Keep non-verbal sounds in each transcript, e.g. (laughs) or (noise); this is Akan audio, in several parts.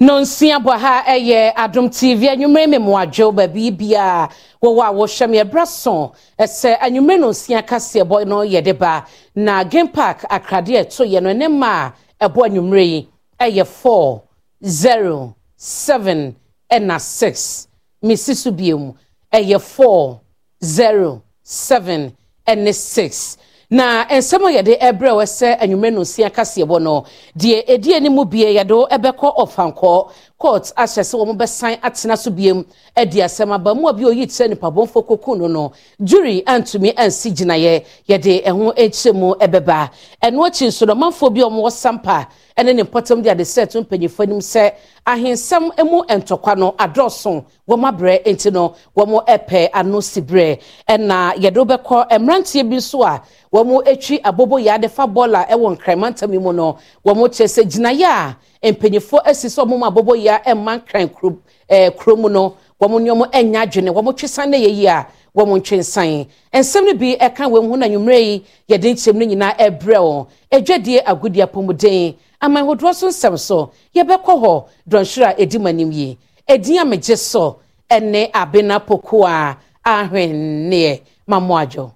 nonsia bɔ ha ɛyɛ eh, adom tv anwummere me mmoadwo baabi bia wɔwɔ a wɔhwɛ me ɛbrɛ so ɛsɛ anwummere nonsia no yɛde na game park akrade ɛto yɛ no ne ma a ɛbɔ yi ɛyɛ 4 0 7 ɛna eh, 6 mesi mu eh, 4 0 7 ɛne 6 na nsɛm a yɛde ɛbrɛ wɔ sɛ anwummerɛ no nsia kaseɛ bɔ no deɛ ɛdi anim bie yɛde ɛbɛkɔ ɔfankɔɔ court ahyɛ sɛ wɔn bɛsan atena so biem ɛde asɛm aba mu a bi oyi kyerɛ nipabɔnfo koko no no jury antumi ansi gyinaeɛ yɛde ɛho akyerɛ mu ɛbɛba ɛno akyi nso no amanfoɔ bi a wɔwɔ sampa ɛne ne mpɔtam de adesɛ to mpanyinfoɔ anim sɛ ahensɛm mu ntɔkwa no adɔɔso wɔn abrɛ nti no wɔn ɛpɛ ano si brɛ ɛna yɛde bɛkɔ mmeranteɛ bi nso a wɔn atwi abobo yadefa bɔɔla ɛwɔ nkramantam no wɔn kyerɛ sɛ mpanyinfoɔ asi sɛ ɔmo mu abobɔ yia ɛmma nkran kurom ɛɛ eh, kurom no wɔn nneɛma ɛnya adwene wɔn twesan ne yɛ yie a wɔn ntwensan nsɛm no bi ɛka wɔn ho na nwummerɛ yi yɛde nkyɛm no nyinaa ɛbrɛ wɔn adwadie agodie apɔmuden amanhodoɔ so nsɛm so yɛbɛkɔ hɔ dɔnhwere a ɛdi mu anim yi ɛdin a so ɛne abena pokoa ahwenneɛ mamoadwo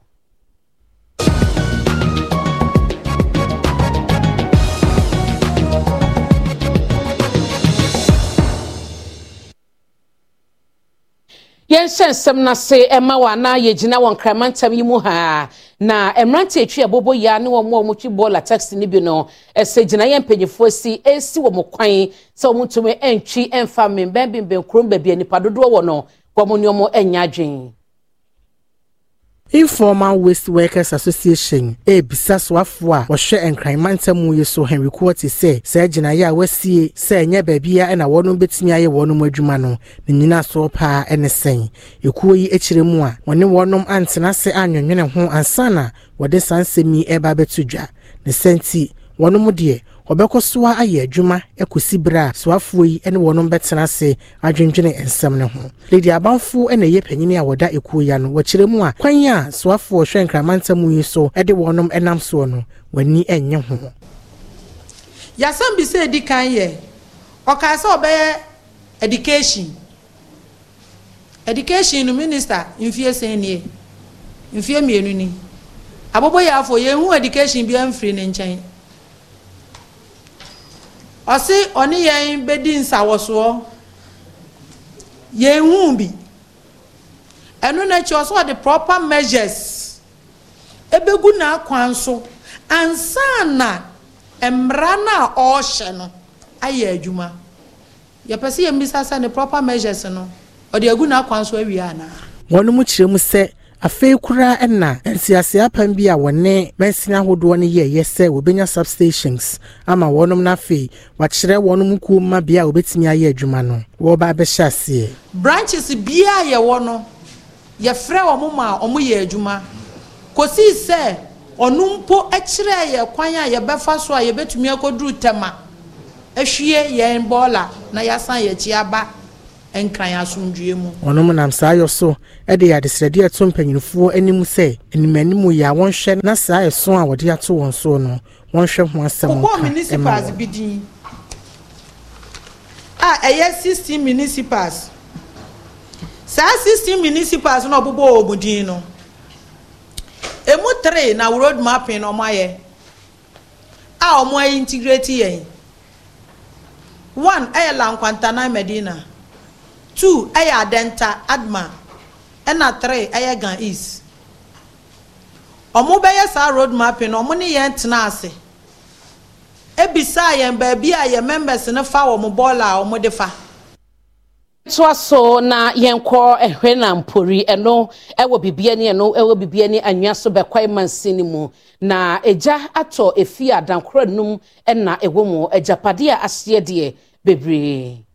yɛnhyɛ nsɛm no ase ɛma wɔ anaa yɛgyina wɔ nkramantam yi mu haa na mmerante atwi ɛbobɔ yia ne wɔn a wɔtwi bɔɔla taxi no bi no ɛsɛ gyina yɛn mpanyinfoɔ si esi wɔn kwan sɛ wɔn ntumi ɛntwi ɛnfa mbɛnbɛnbɛn kurom baabi a nipa dodoɔ wɔ no wɔn nneɛma ɛnyɛ adwene informal waste workers association ebisa so afoɔ a wɔhwɛ nkranmantamu yi so henry kuwɔte sɛ saa gyinaeɛ a wɔasie sɛ ɛnyɛ baabia ɛna wɔn bɛtumi ayɛ wɔn adwuma no ne nyina soɔ paa ɛne sɛn ekuo yi akyire mu a wɔne wɔn antena ase anwonwene ho ansa na wɔde saa nsɛm yi ɛreba abɛto dwa ne sɛn ti wɔn deɛ ɔbɛkɔ soa ayɛ adwuma akɔsi berɛ a soafoɔ yi ne wɔnom bɛtena ase adwendwene nsɛm no ho lady abanfo na ɛyɛ panyini a wɔda ekuo ya no wɔkyerɛ mu a kwan a soafoɔ hwɛ nkramantam yi so de wɔnom nam soɔ no w'ani nnye ho yasɛm bi sɛ ɛdi kan yɛ ɔkaa sɛ ɔbɛyɛ education education no minister mfie sɛn nie mfie mmienu ni abobɔ yɛ afɔ yɛn hu education bi amfiri ne nkyɛn ɔsi ɔne yɛn bɛdi nsawɔsoɔ yɛn hu bi ɛno n'akyi ɔsɛ ɔde proper measures ebegu n'akwan so ansana mmara na a ɔrehyɛ no ayɛ adwuma yɛpɛ sɛ yɛn bisa sɛ ne proper measures no ɔde egu n'akwan so awie anaa. wɔn mu kyerɛ mu sɛ. afei koraa ɛna nsiaseapam bi a wɔne mɛnsini ahodoɔ no yɛɛyɛ sɛ wɔbɛnya substations ama wɔnom no afei wakyerɛ wɔnom kuo mmabea a wɔbɛtumi ayɛ adwuma no wɔreba abɛhyɛ aseɛ branches a yɛwɔ no yɛfrɛ wɔn ma a wɔyɛ adwuma kosii sɛ ɔno mpo kyerɛɛ yɛ kwan a yɛbɛfa so a yɛbɛtumi akɔduru tɛma ahwie yɛn bɔɔla na yɛasan yɛakyi aba nkran asomdue mu. ɔnom nam saa ayɔ so de adesrɛdeɛ ato mpanyinfoɔ anim sɛ animanim yɛ a wɔnhwɛ na saa ɛso a wɔde ato wɔn so no wɔnhwɛ ho asɛm nka ɛma wɔn. bi din a ɛyɛ sixteen municipals saa sixteen municipals na ɔbobɔ wɔn din no emu three na road mapping na wɔn ayɛ a wɔn ayɛ integrate yɛn one ɛyɛ lankwantana medina. two ɛyɛ adanta adma ɛna three ɛyɛ gan east ɔmo bɛyɛ saa road mapping ɔmo ne yɛn tena ase ebisa yɛn baabi a yɛn members ne fa wɔn bɔɔla a wɔn de fa. toa so na yɛnkɔ ɛhwɛ na mpori ɛno ɛwɔ bibia ni ɛno ɛwɔ bibia ni anwea so bɛkɔ ɛmansi ne mu na egya atɔ efi adankora num ɛna ɛwɔ mu egyapadeɛ aseɛ deɛ bebree.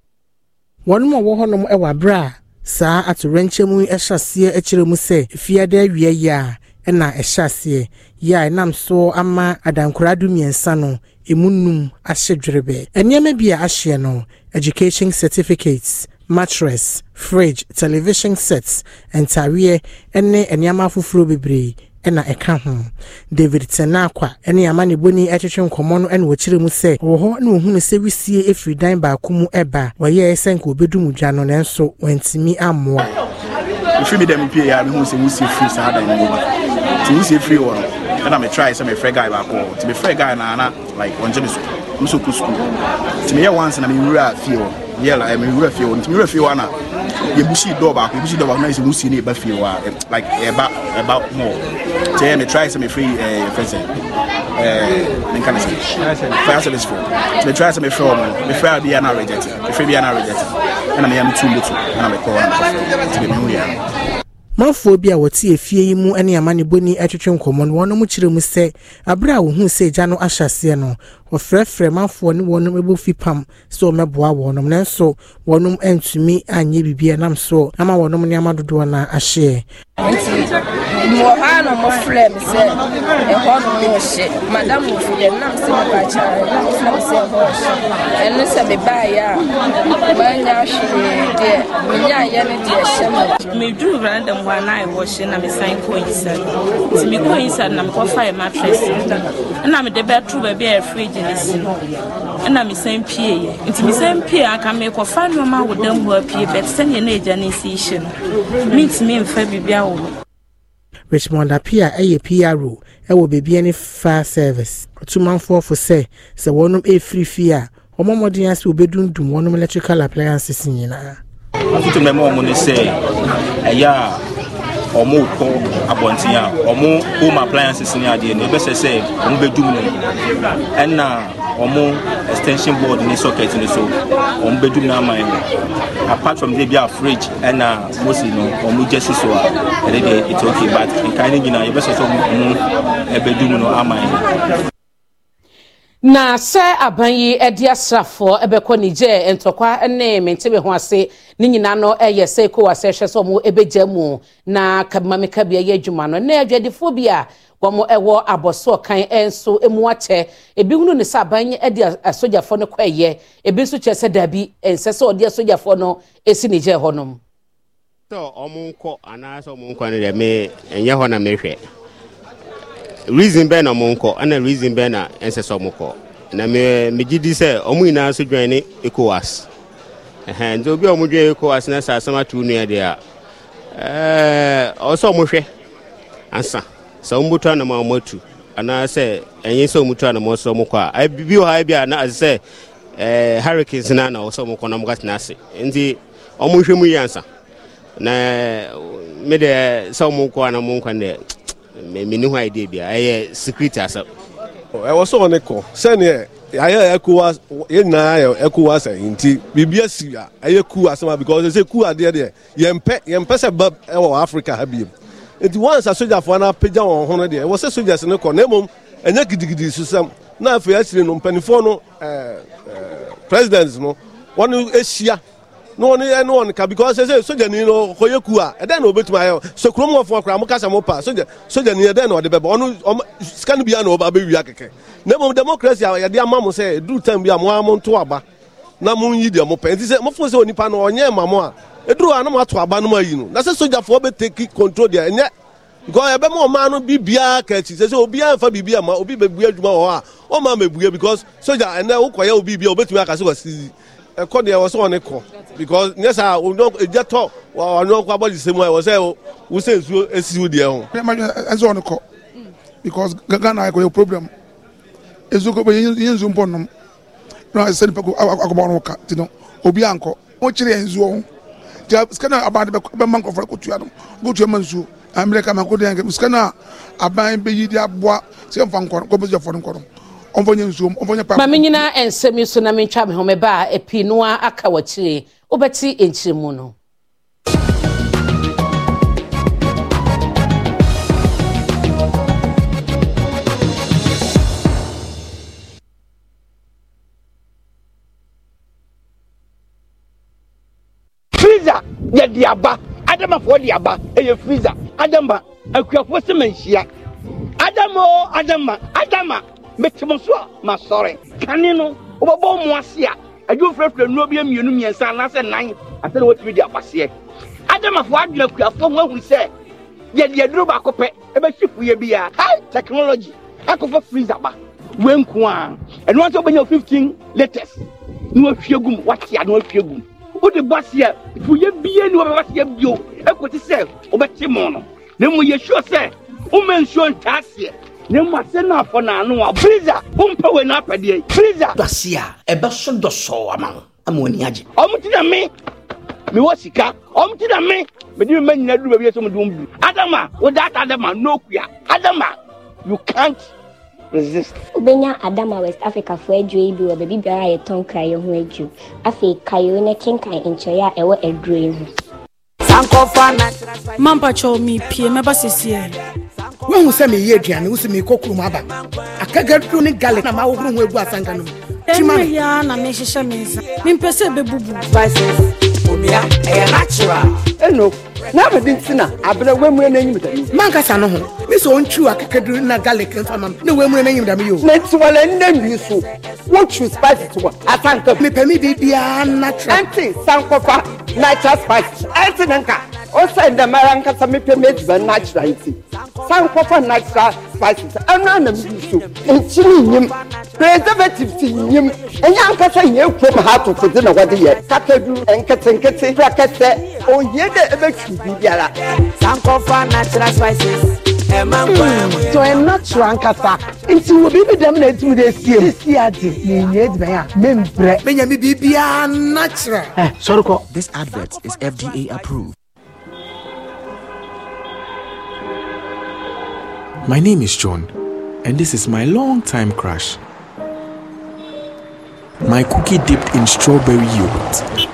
wɔn mu a wɔwɔ hɔnom wɔ abere a saa atorɛnkyɛm hyɛ aseɛ akyerɛ mu sɛ fiada awia yi a ɛna ɛhyɛ aseɛ yi a ɛnam so ama adankora du mmiɛnsa no emu num ahyɛ dwerebe nneɛma bi a ahyɛ no education certificates mattress fridge television sets ntareɛ ne nneɛma afoforɔ bebree na ɛka ho david tenakwa ne amane boni twetwe nkɔmmɔ no na wɔkyerɛ mu sɛ wɔ hɔ na wɔhunu sɛ wisie ɛfiri dan baako mu ɛba wɔyɛɛ sɛ nka wɔbɛdu mu dwa no nanso wɔantumi ammoa mfiri mi dɛm pie a mehu sɛ wusie firi saa dan no mu nti wusie firi wɔ no ɛna metrae sɛ mefrɛ guy baako nti mefrɛ guy na ana like ɔngye me so mso kɔ sukuu nti meyɛ once na mewura fie hɔ yɛ eh, mewura fie hɔ nti mewura fie hɔ ana yɛbusi dɔɔ baako yɛbusi dɔɔ baako na yɛsɛ wusi ne yɛba fie wa uh, like yɛba yɛba mɔɔ kyɛ yɛ mi try sɛ mi firi ɛɛ yɛfɛ sɛ ɛɛ ne nka ne sɛ fire service fo mi try sɛ mi firi ɔmo mi firi a bi yɛ na reject mi firi bi yɛ na reject ɛna mi yɛ mi tu mi tu ɛna mi kɔ ɛna mi kɔ fɛ ti bi mi yɛ manfoɔ bi a wɔte efie yi mu ne amanebɔni twetwe nkɔmmɔ no wɔn mo kyerɛ mu sɛ abere a wɔhuu sɛ agya no ahyɛ aseɛ no wɔfrɛfrɛ manfoɔ ne wɔn bɛbɔ fi pam sɛ wɔmɛboa wɔn nanso wɔn ntumi anyɛ biribi ɛnam so ama wɔn nneɛma dodoɔ no ahyeɛ mmoɔ hɔ a na ɔmɔfrɛ me sɛ ɛhɔ no ne ɔhye madam wɔfi dɛm nam sɛ mebaakyɛ na ɔfrɛ me sɛ ɛhɔ ɔhye ɛno sɛ mebaeɛ a manya hwee deɛ menyaayɛ no deɛ ɛhyɛ me meduru random agua na ɛwɔ hye na mesan kɔ yisad nti mekɔ yisad na mekɔfa yɛ matres ɛna mede bɛto baabi a ɛfiri ne si no ɛna mesan pieeɛ nti mesan pie aka mekɔfa nneɔma awoda mu hɔ apue bɛt sɛneɛ na agya ne si hye no mentumi mfa biribi awo no richmond apia ɛyɛ pro ɛwɔ baabi ne fire service ɔtomanfoɔ fo sɛ sɛ wɔnom ɛfiri a wɔn mmɔden ase wɔbɛdundum wɔnom electrical appliances nyinaa. ɔtutu mɛmɔ mu ne sɛ ɛyɛ a ɔmo kɔ abɔnten a ɔmo home appliances ne adeɛ no ɛbɛsɛ sɛ ɔmo bɛdum no ɛna ɔmo extension board ne socket ne so ɔmo bɛdum no ama yɛn apart from there bi a fridge ɛna mostly no ɔmo gye si so a ɛde deɛ it's okay but nkae ne nyinaa yɛbɛsɛ sɛ ɔmo ɛbɛdum no ama yɛn. na sɛ aban yi de asrafoɔ ɛbɛkɔ n'igye ntɔkwa ne mentebe ho ase ne nyinaa no yɛ sɛ ɛkɔwa sɛ hwɛ sɛ ɔmo bɛgya mu na mameka bia yɛ adwuma no na adwadifoɔ bi a wɔn ɛwɔ abɔso ɔkan nso mu akyɛ ebi hunu ne sɛ aban de asogyafoɔ no ɛyɛ ebi nso kyerɛ sɛ daabi nsɛ sɛ ɔde asogyafoɔ no si niger hɔ nom. sɛ ɔmo nkɔ anaasɛ ɔmo nkɔ no deɛ me nyɛ hɔ na mehwɛ reason na mo nkɔ ɛna reason na ɛnsɛ sɛ ɔmo kɔ na megye di sɛ nyinaa so dwan ne ecowas nti obi a ɔmo dwan ecowas na sɛ asɛm ato nua deɛ a ɔwɔ sɛ ɔmo hwɛ ansa sɛ ɔmo bɔtɔ anam a ɔmo atu anaasɛ ɛnyɛ sɛ ɔmo anam bi wɔ bi a na ase sɛ hurricanes na na ɔwɔ sɛ ɔmo kɔ na ɔmo ka nti ɔmo hwɛ mu yi ansa na deɛ sɛ ɔmo kɔ anam ɔmo deɛ mene ho idea bia ɛyɛ secret asɛm ɛwɔ sɛ ɔne kɔ sɛneɛ ayɛ ɛkuwa yɛ nyinaa yɛ ɛkuwa sɛ nti biribi asi a ɛyɛ ku asɛm because ɛsɛ ku adeɛ deɛ yɛmpɛ yɛmpɛ sɛ ba ɛwɔ africa ha biem nti once asogyafoɔ no apagya wɔn ho no deɛ ɛwɔ sɛ sogyas no kɔ na mmom ɛnyɛ gidigidi susam na afei akyire no mpanimfoɔ no ɛɛ ɛɛ president no wɔn ahyia na wɔn ɛne wɔn ka because ɛsɛ soja ni no kɔyɛ um, ku ah, a ɛdɛn na obetuma ayɛ so kurom wɔ fɔ koraa mo kasa mo pa soja soja ni ɛdɛn na ɔde bɛbɛ ɔno ɔmo sika no bi a na ɔba abɛwia kɛkɛ na emu democracy a yɛde ama mo sɛ edu time bi a mo amo nto aba na mo nyi deɛ mo pɛ nti sɛ mo fo sɛ onipa no ɔnyɛ ma mo a eduru a na mo ato aba no mo ayi no na sɛ sojafoɔ bɛ take control deɛ ɛnyɛ because ɛbɛ eh, mo ɔman no bi bia kɛkyi sɛ sɛ obiara nfa biribi ama obi bɛ bua adwuma wɔ hɔ a ɔman bɛ bua because soja ɛnɛ wokɔyɛ obi bia obetumi akasi wɔ sisi ɛkɔ deɛ ɛwɔ sɛ kɔ because nyɛ saa ɛgya tɔ ɔno kɔ abɔgye sɛ mu a ɛwɔ sɛ wosɛ nsuo ɛsi deɛ ho ɛsɛ ɔne kɔ because ghana ɛkɔ yɛ problem ɛnsuo kɔ yɛ nsuo mpɔ nom na ɛsɛ nipa akɔbɔ no ka nti no obi ankɔ wɔkyerɛ yɛ nsuo ho nti sika no aban de bɛma nkɔfoɔ kɔtua no kɔtua ma nsuo amere kama kɔdeɛ sika no a aban bɛyi de aboa sɛ mfa nkɔ ɔmfɔnyɛ nsuom ɔmfɔnyɛ pa. maame nyinaa nsɛm yi so na mentwa me ho meba a ɛpii noa aka wɔkyire wobɛte nkyiremu no freezer yɛ de aba adamafoɔ de aba ɛyɛ freezer adama akuafoɔ sɛ manhyia adama o adama adama mɛtɛmɔ so a masɔre kane no wobɛbɔ mo ase a adwo mfrafra nnuo bi mmienu mmiɛnsa anaasɛ nan asɛ na wɔtumi de akwaseɛ adamafoɔ adwena kuafoɔ ho ahunu sɛ yɛde aduro baako pɛ ɛbɛhye fuiɛ bi a high technology akɔfɔ freezer ba wenko a ɛno ase wobɛnya fifteen latest na wahwie gum watea na wahwie gum wode bɔ aseɛ fuiɛ bie ne wɔbɛbɔ aseɛ bio ɛkɔte sɛ wobɛte mo no na mmom yɛsuo sɛ woma nsuo ntaa aseɛ ne mu ase na afɔ n'ano a freezer wompɛ wɔ na apɛdeɛ freezer. dɔsi a ɛbɛ so dɔsɔɔ ama ho ama wɔn ani agye. ɔmo ti na mi mi wɔ sika ɔmo ti na mi mɛ di mi ma nyina duru baabi yɛ sɛ mo di bi adama o da ata adama n'okuya adama you can't resist. wobɛnya adama west africa fo adwuro yi bi wɔ baabi biara a yɛtɔn kraeɛ ho adwuro afei kayo ne kenkan nkyɛeɛ a ɛwɔ aduro yi ho mampakyɛw mepie mɛba sesiɛ wohu sɛ meyɛ aduane wo sɛ meekɔ kurom aba akagaduo ne garlic na mawohoro ho agu asanka no mu ɛno na abɛde nti na abrɛ wammue no anyim dam mankasa no ho me sɛ ɔntwiw akakaduru na garlic mfa ma na wammue no anyim dam yio na nti wɔla nna nwi so wotwiw spices wɔ asanka mepɛ me biribiaa natural ɛnti sankɔfa natural spices ɛnti ne nka ɔsɛn dɛ mara nkasa mepɛ me natural nti sankɔfa natural spices ɛno ana medi so nkyiri nyim preservatives nyim ɛnyɛ ankasa nyɛ kurom ha atotode na wɔde yɛ kakaduru nketenkete frakɛsɛ ohie dɛ ɛbɛtwi biribiara saa nkɔfa natural spices ɛma nkwa ɛmu yɛ. tɔ ɛ natural nkasa nti wo biribi dɛm na etum de esie mu. sisi adi na enye edumɛ a me menya mi biribiara natural. ɛ sɔrɔ kɔ. this advert is fda approved. My name is John, and this is my long time crush. My cookie dipped in strawberry yogurt.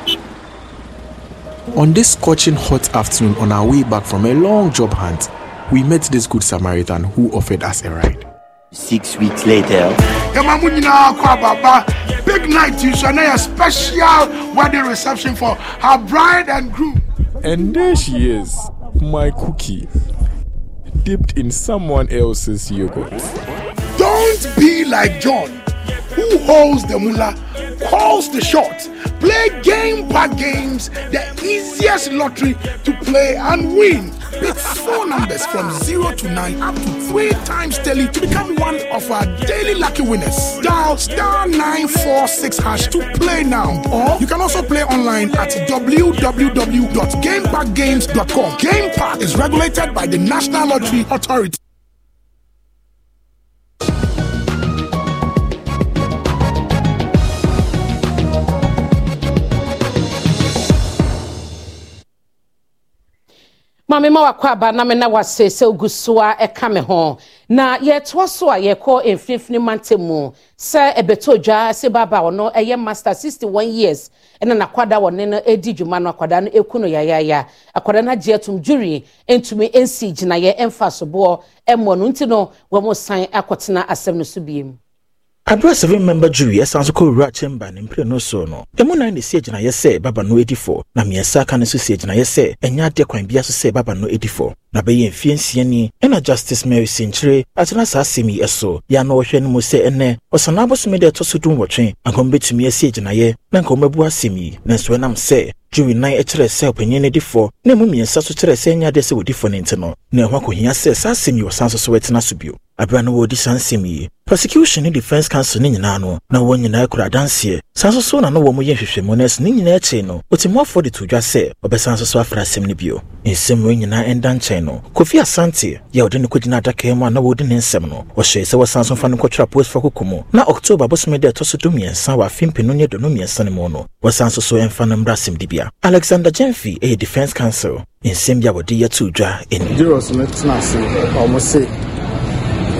On this scorching hot afternoon on our way back from a long job hunt, we met this good Samaritan who offered us a ride. Six weeks later, big night you shall a special wedding reception for her bride and groom. And there she is, my cookie, dipped in someone else's yogurt. Don't be like John, who holds the mullah, calls the shots, Play game by games, the easiest lottery to play and win. Pick four numbers from 0 to 9 up to 3 times daily to become one of our daily lucky winners. Dial star 946 hash to play now. Or you can also play online at www.gamepackgames.com. Game Park is regulated by the National Lottery Authority. maame ma wakɔ aba na me na wase sɛ ogu so a ɛka me ho na yɛtoa so a yɛkɔ mfimfini mante mu sɛ ɛbɛtɔ dwa se baba ɔno ɛyɛ master sixty one years ɛna n'akwada wɔ ne no edi dwuma no akwada no eku no yayaya akwada no agye atum jury ntumi nsi gyinaeɛ ɛmfa soboɔ ɛmɔ no nti no wɔn san akɔtena asɛm no so biem abira seven member jury ɛsan so kɔ owura chamber ne mpire no so no ɛmu nan ne si agyinayɛ sɛ baba no adi fɔ na mmiɛnsa aka no nso si agyinayɛ sɛ ɛnyɛ adeɛ kwan bia so sɛ baba no adi fɔ na bɛyɛ mfie nsia ni ɛna justice mary senkyere atena saa asɛm yi ɛso yɛ na ɔhwɛ no mu sɛ ɛnɛ ɔsan abosome da ɛtɔ so dum wɔtwe ankɔm bɛtumi asi agyinayɛ na nka ɔmabu asɛm yi nanso ɛnam sɛ jury nan kyerɛ sɛ ɔpanyin no difɔ na mu mmiɛnsa so kyerɛ sɛ ɛnyɛ adeɛ sɛ wɔdifɔ no nti no na ɛho akɔhia sɛ saa asɛm yi wɔsan so so ɛtena so bio abira no wɔdi saa nsɛm yi prosecution ne defence council ne nyinaa no na wɔn nyinaa kura adanseɛ saa nso so na no wɔn yɛ nhwehwɛmu na ɛsɛ ne nyinaa akyi no otimuafoɔ de to dwa sɛ ɔbɛsan nso so afra asɛm no bio nsɛm wɔn nyinaa ɛnda nkyɛn no kofi asante yɛ ɔde ne kɔgyina adaka mu a na wɔredi ne nsɛm no ɔhyɛɛ sɛ wɔsan so fa no kɔtwerɛ apolisifoɔ koko mu na october bosome dɛ ɛtɔ so do mmiɛnsa wɔ afe mpenu ne dɔno mmiɛnsa no mu no wɔsan nso ɛmfa no mmra asɛmdibea alexander jemfi ɛyɛ defence council nsɛm bi a wɔde yɛtoo dwa ɛni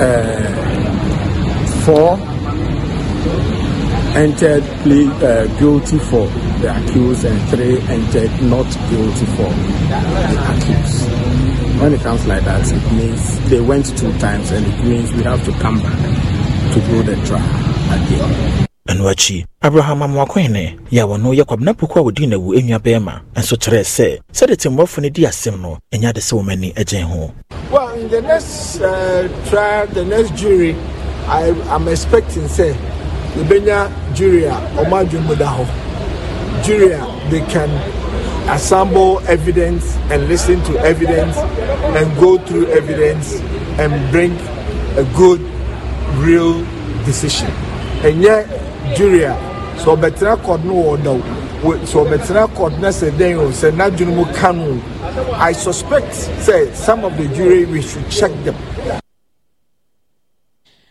Uh, four entered plea, uh, guilty for the accused and three entered not guilty for the accused. When it comes like that, it means they went two times and it means we have to come back to do the trial again ɛno akyi abraham amoakohene yɛ wɔno yɛ kwabena puku a wɔdii nawu enua bɛrima nso kyerɛɛ sɛ sɛde temmɔfo no di asɛm no ɛnyɛ ade sɛ wɔm ani ho Well, in the next uh, trial, the next jury, I, I'm expecting, say, the Benya jury, Omajumodaho, jury, they can assemble evidence and listen to evidence and go through evidence and bring a good, real decision. And nigeria sɛ ɔbɛtena kɔd no wɔ sɛ ɔbɛtena kɔd na sɛ dɛn o sɛ n'adwene mu ka no i suspect sɛ some of the jury we should check them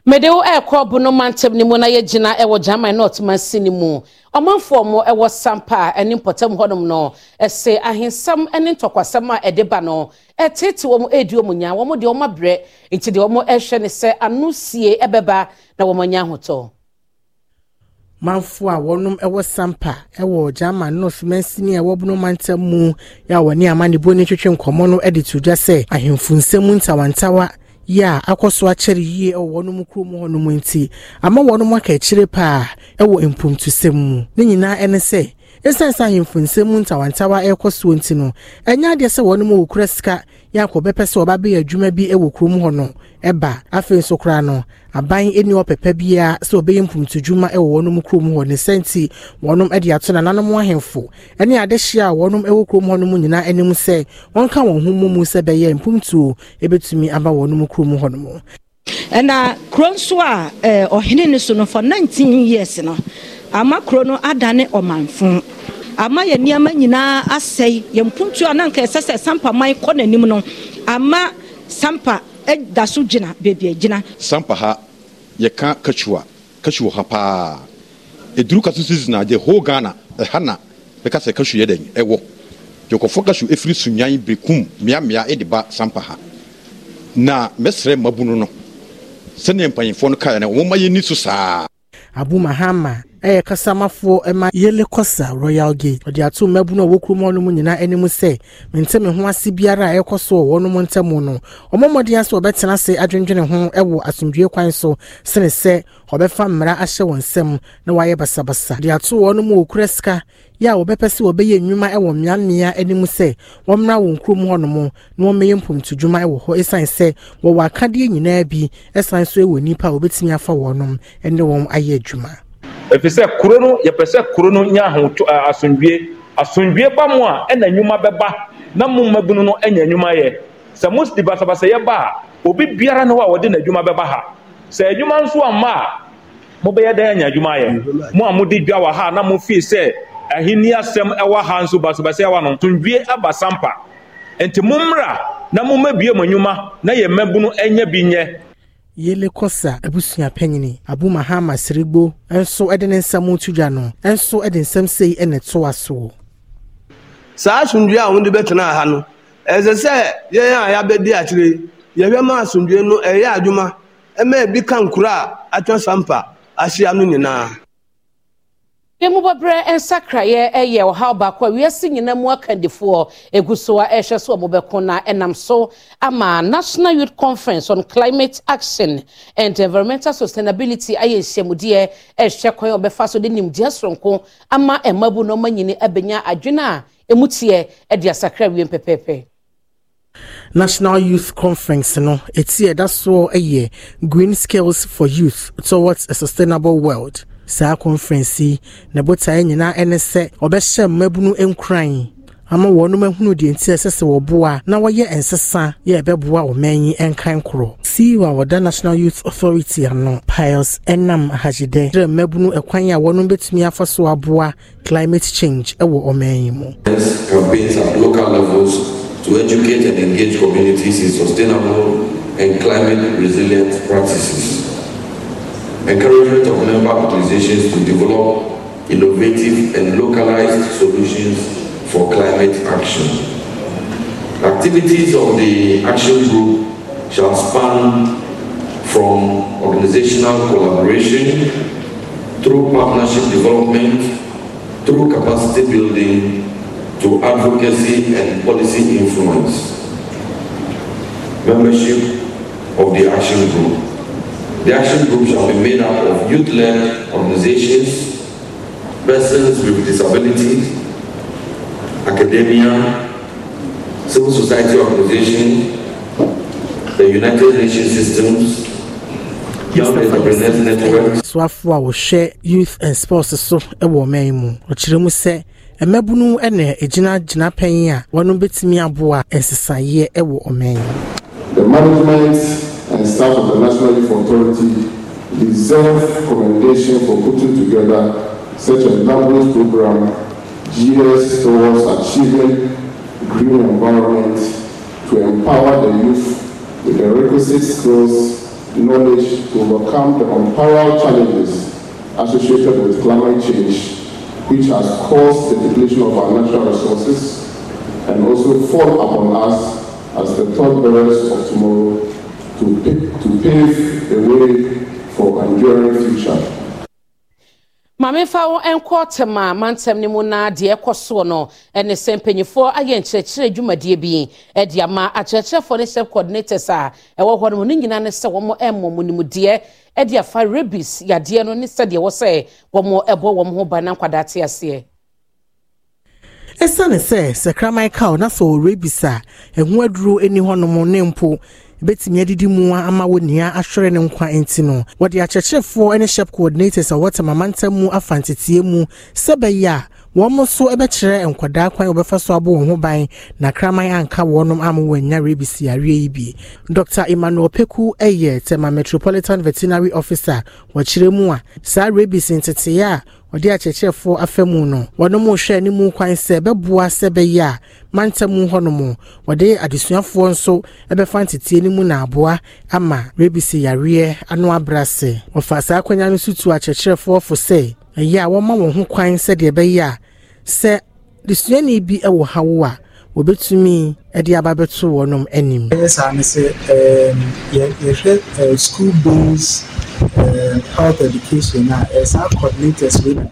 mede wo ɛrekɔ bono mantam no na yɛgyina ɛwɔ german na ɔtoma si no mu ɔmanfoɔ mo ɛwɔ sampa a ɛne mpɔtam hɔnom no ɛsɛ ahensɛm ne ntɔkwasɛm a ɛde ba no ɛtete wɔn ɛredi nyaa deɛ nti deɛ sie ɛbɛba na manfo a wɔnom ɛwɔ sampa ɛwɔ gyama nurse mansini a wɔbɔ no mantam mu yɛ a wɔne amanebo ne twetwe nkɔmɔ no ɛde to dwa sɛ ahemfo nsɛm ntawantawa yɛ a akɔ so akyɛre yie ɛwɔ wɔnom kurom hɔnom nti ama wɔnom aka akyire paa ɛwɔ mpomtusɛm mu ne nyinaa ɛne sɛ ɛsiane sɛ ahemfo nsɛm ntawantawa ɛrekɔ soɔ nti no ɛnyɛ adeɛ sɛ wɔnom wɔkura sika yaakɔ bɛpɛ sɛ ɔba bɛyɛ adwuma bi wɔ kurom hɔ no ɛba afei nso koraa no aban ani ɔpɛpɛ biara sɛ ɔbɛyɛ mpomtodwuma wɔ wɔnom kurom hɔ ne sɛnti wɔnom de ato nananom ahemfo ne adehyia a wɔnom wɔ kurom hɔ no mu nyinaa anim sɛ wɔnka wɔn ho mu mu sɛ bɛyɛ mpomtuo ɛbɛtumi aba wɔnom kurom hɔ no mu ɛna kuro nso a eh, ɔhene ne so no for 19 years no ama kuro no adane ɔmanfo ama yɛ nneɛma nyinaa asɛe yɛn mpuntu a nanka ɛsɛ sɛ sampa man kɔ n'anim no ama sampa da so gyina beebi jina. sampa ha yɛka kakyua kakyua ha paa eduru kaso season a yɛ whole ghana ɛha na bɛka sɛ kakyua yɛ dɛn ɛwɔ yɛkɔfo kakyua efiri sunyan bekum mmeammea ɛde ba sampa ha na mɛsrɛ mmabunu no sɛnea mpanyinfoɔ no kaa yɛn no wɔn ma yɛ ni so saa. abu mahama ɛyɛ kasamafoɔ ɛma yɛle kɔsa royal gate ɔde ato mmabunu a wɔwɔ kurom hɔnom nyinaa anim sɛ mente me ho ase biara a ɛkɔ so wɔ wɔn ntam no wɔn mmɔden ase wɔbɛtena ase adwendwene ho ɛwɔ asomdue kwan so sene sɛ wɔbɛfa mmara ahyɛ wɔn nsam na wɔayɛ basabasa de ato wɔn mu okura sika yɛ a wɔbɛpɛ sɛ wɔbɛyɛ nnwuma wɔ mmeammea anim sɛ wɔmmra wɔn kurom hɔnom na wɔmmɛyɛ mpomtodwuma wɔ hɔ ɛsiane sɛ wɔwɔ akadeɛ nyinaa bi ɛsan so wɔ nnipa a wɔbɛtumi afa wɔnom ne wɔn ayɛ adwuma ɛfiri sɛ kuro no yɛpɛ sɛ kuro no nyɛ ahoto asomdwie asomdwie ba mu a ɛna nnwuma bɛba na mo mmabunu no anya nnwuma yɛ sɛ mo di basabasayɛ ba a obi biara ne hɔ a wɔde n'adwuma bɛba ha sɛ adwuma nso amma a mobɛyɛ dɛn anya adwuma yɛ mo a mode dwa wɔ ha na mofii sɛ ahenni asɛm ɛwɔ ha nso basabasayɛ wa no asomdwie aba sampa nti mommra na mommabie mo nnwuma na yɛ mmabunu anya bi nyɛ yele kɔsa abusua panyini abu mahama serigbo nso de ne nsɛm to dwa no nso de nsɛm sei ne toa so saa asomdwe a wɔde bɛtena ha no ɛsɛ sɛ yɛn a yɛabɛdi akyere. yɛhwɛ ma asomdwe no ɛyɛ e adwuma ɛma e ebi ka nkura a atwa sampa ahyia no nyinaa emu bɔbrɛ nsakraeɛ yɛ ɔhaw baako a wiase nyinaa mu akandifoɔ egu so a ɛrehwɛ so a wɔbɛko na ɛnam so ama national youth conference on climate action and environmental sustainability ayɛ nhyiamudeɛ ɛrehwɛ kwan a wɔbɛfa so de nimdeɛ soronko ama mmabu na ɔma nyini abɛnya adwene a emu teɛ de asakra wiem pɛpɛɛpɛ national youth conference no ɛti ɛda soɔ yɛ green skills for youth towards a sustainable world saa conference yi na botaeɛ nyinaa ɛne sɛ ɔbɛhyɛ mmabunu nkuran ama wɔnom ahunu deɛ nti ɛsɛ sɛ wɔboa na wɔyɛ nsesa yɛ ɛbɛboa ɔman yi nkan korɔ ceo a wɔda national youth authority ano piles ɛnam ahagyedɛ kyerɛ mmabunu ɛkwan a wɔnom bɛtumi afa so aboa climate change ɛwɔ ɔman yi mu to educate and engage communities in sustainable and climate resilient practices encouragement of member organizations to develop innovative and localized solutions for climate action. Activities of the action group shall span from organizational collaboration through partnership development, through capacity building, to advocacy and policy influence. Membership of the action group. The action groups shall be made up of youth-led organizations, persons with disabilities, academia, civil society organizations, the United Nations systems, soafo a wɔhwɛ youth and sports so wɔ ɔman mu ɔkyerɛ mu sɛ mmabunu na ɛgyinagyina panyin a wɔn bɛtumi aboa nsesaeɛ wɔ ɔman yi. the management and staff of the National Youth Authority deserve commendation for putting together such a diverse program geared towards achieving green environment to empower the youth with the requisite skills, knowledge to overcome the unparalleled challenges associated with climate change, which has caused the depletion of our natural resources and also fall upon us as the thought bearers of tomorrow to, take, to pave the way for enduring future. mamefa wo nkɔ ɔtɛm a mantam no mu naa deɛ ɛkɔ soɔ no ne sɛ mpanyinfoɔ ayɛ nkyerɛkyerɛ adwumadeɛ bi ama akyerɛkyerɛfoɔ ne sɛ coordinators a ɛwɔ hɔ no mu ne nyinaa ne sɛ wɔn mmɔ mu nimudeɛ de afa rabies yadeɛ no ne sɛdeɛ wɔ sɛ wɔn ɛbɔ wɔn ho ban na nkwadaa te aseɛ. ɛsiane sɛ sɛ kraman na rabies a ɛho aduro hɔnom ne mpo bɛtumi adidi mu ama wɔ nia ahwere ne nkwa nti no wɔde akyerɛkyerɛfoɔ ne shep coordinators a wɔte mamantam mu afa nteteɛ mu sɛ bɛyɛ a wɔn nso bɛkyerɛ nkwadaa kwan wɔbɛfa so abɔ wɔn ho ban na kraman anka wɔn ama wɔanya rebisi awie yi bi dr emmanuel peku yɛ tema metropolitan veterinary officer wɔkyerɛ mu a saa rebisi nteteeɛ a wɔde akyerɛkyerɛfoɔ afa mu no wɔn mu hwɛ ne mu kwan sɛ bɛboa sɛ bɛyɛ a mantam hɔnom wɔde adesuafoɔ nso bɛfa ntetie no mu na aboa ama rebisi yareɛ ano abra ase wɔfa saa akonnwa no so tu akyerɛkyerɛfoɔ fo sɛ ɛyɛ a wɔma wɔn ho kwan sɛdeɛ ɛbɛyɛ a sɛ desuani bi wɔ hawo a wɔbɛtumi de aba bɛto wɔn anim. ɛyɛ saa ne sɛ yɛhwɛ school based uh, health education now as our coordinators with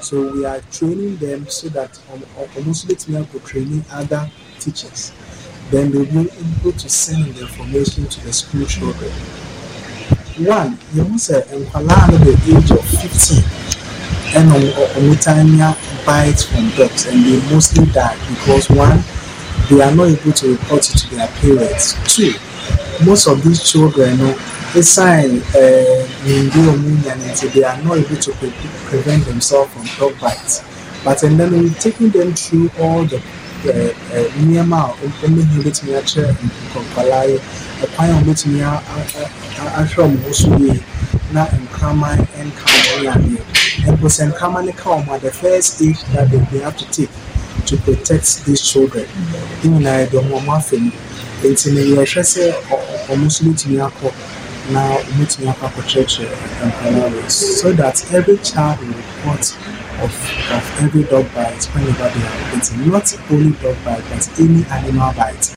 so we are training them so that um, uh, almost let me to training other teachers then they will be able to send the information to the school children one you must say nkwalaa the age of 15 um, uh, on ɔmotanya bites from dogs and they mostly die because one they are not able to report it to their parents two most of these children you um, know, a sign uh, in Europe until they are not able to pre- prevent themselves from dog bites. But and then we've them through all the nneɛma a ɔmo yi betumi akyerɛ nkɔkɔla yi ɛkwan a ɔmo betumi ahwɛ ɔmo ho so yie na nkraman nka the first step that they have to take to protect these children even I don't ɔmo ɔmo afɛ now meeting up for church uh, so that every child will report of, of every dog bite whenever they are bitten, Not only dog bite, but any animal bite.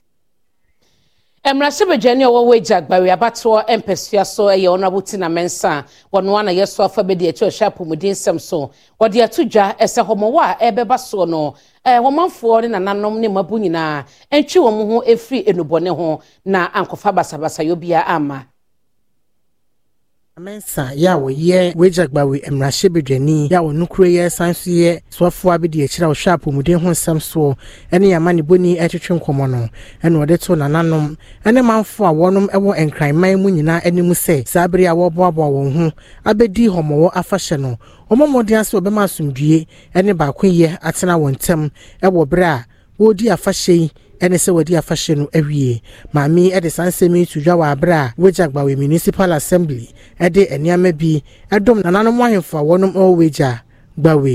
mmarahyɛbadwa ne a wɔwɔ agya abatoɔ mpɛsua so yɛ ɔno aboti na mɛnsa a wɔno ana yɛ so afa bɛdi akyi ɔhyɛ apɔmuden nsɛm so wɔde ato dwa ɛsɛ hɔmɔwɔ a ɛbɛba soɔ no wɔmanfoɔ ne nananom ne mmabu nyinaa ntwi wɔn ho efiri enubɔne ho na ankɔfa basabasa yɛ ama. mensa yɛ a wɔyɛ wagya gbawe mmarahyɛbadwani yɛ a wɔn nokuro yɛ san so yɛ soafoɔ abedi akyire a wɔhwɛ apɔmuden ho nsɛm soɔ ne yɛ amane boni twetwe nkɔmmɔ no ɛna wɔde to nananom ne manfo a wɔnom wɔ nkranman mu nyinaa anim sɛ saa bere a wɔreboaboa wɔn ho abɛdi hɔmmɔwɔ afahyɛ no wɔn mmɔden ase wɔbɛma asomdue ne baako yɛ atena wɔn ntam wɔ bere a wɔredi afahyɛ yi ɛne sɛ wɔde afahyɛ no awie maame ɛde saa nsɛm yi to dwa wɔ aberɛ a wagya gbawe municipal assembly ɛde nneɛma bi ɛdom nananom ahemfo a wɔnom ɛwɔ wagya gbawe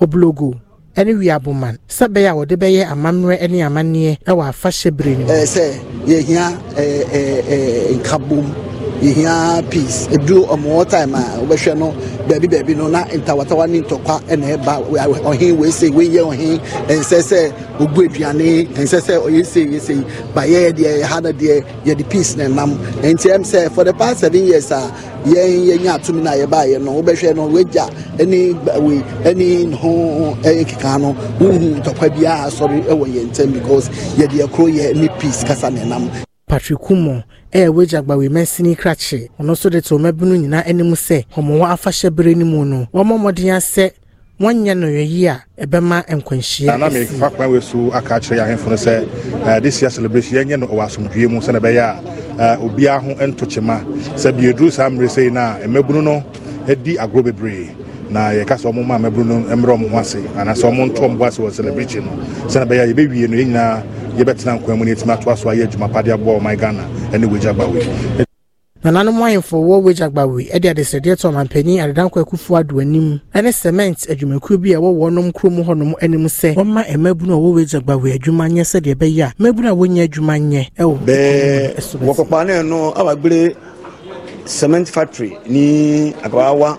oblogo ɛne wi aboman sɛbɛyɛ a wɔde bɛyɛ amammerɛ ne amanneɛ ɛwɔ afahyɛ bere no mu. ɛɛ sɛ yɛhia ɛɛ nkabom yɛhia peace ɛduru ɔmowɔ time a wobɛhwɛ no baabi baabi no na ntawatawa ne ntɔkwa ɛna ɛba ɔhen weisei weiyɛ ɔhen ɛnsɛ sɛ ɔbu aduane ɛnsɛ sɛ ɔyɛ sei yɛ sei ba yɛyɛ deɛ yɛha no deɛ yɛde peace na nam ɛnti ɛm sɛ for the past seven years a yɛn yɛnya atumi na a yɛbaayɛ no wobɛhwɛ no wagya ɛne wei ɛne ho ɛyɛ keka no wohu ntɔkwa biara asɔre ɛwɔ yɛn ntam because yɛde ɛkoro yɛ ne peace kasa na nam patrick kumon ɛyɛ eh, wagya agbawemɛsini krakye ɔno nso de to ɔmabino nyinaa anim sɛ ɔmo wɔ afahyɛ bere no mu no wɔmmɔ mmɔden asɛ wɔnyɛ no yɛyi a ɛbɛma nkwanhyia na mefa kwan wei so aka akyerɛ yɛ ahemfo no sɛ eh, this year celebration yɛnyɛ no ɔwɔ asomdwue mu sɛne ɛbɛyɛ a obiaa eh, ho nto sɛ biɛduru saa mmerɛ e sɛi no a e mmabunu no adi agorɔ bebree na yɛka sɛ ɔmo ma mɛburu no mmerɛ ɔmo ho ase anaasɛ ɔmo nto ɔmo ho ase wɔ celebration no sɛnɛ bɛyɛ a yɛbɛwie no yɛn nyinaa yɛbɛtena nkwan mu no yɛtumi atoa so ayɛ adwuma pa de aboa ɔman ghana ne wagya gbawe nananom ahemfo wɔ wagya gbawe de adesrɛdeɛ tɔ ɔmanpanyin adedankɔ akufo ado anim ne cement adwumakuo bi a ɛwɔ wɔnom kurom hɔnom anim sɛ wɔma mmabunu a wɔwɔ wagya gbawe adwuma nyɛ sɛdeɛ ɛbɛyɛ a mmabunu a wɔnyɛ adwuma nyɛ ɛwɔ bɛɛ wɔkɔkpa ne no cement factory ni akawawa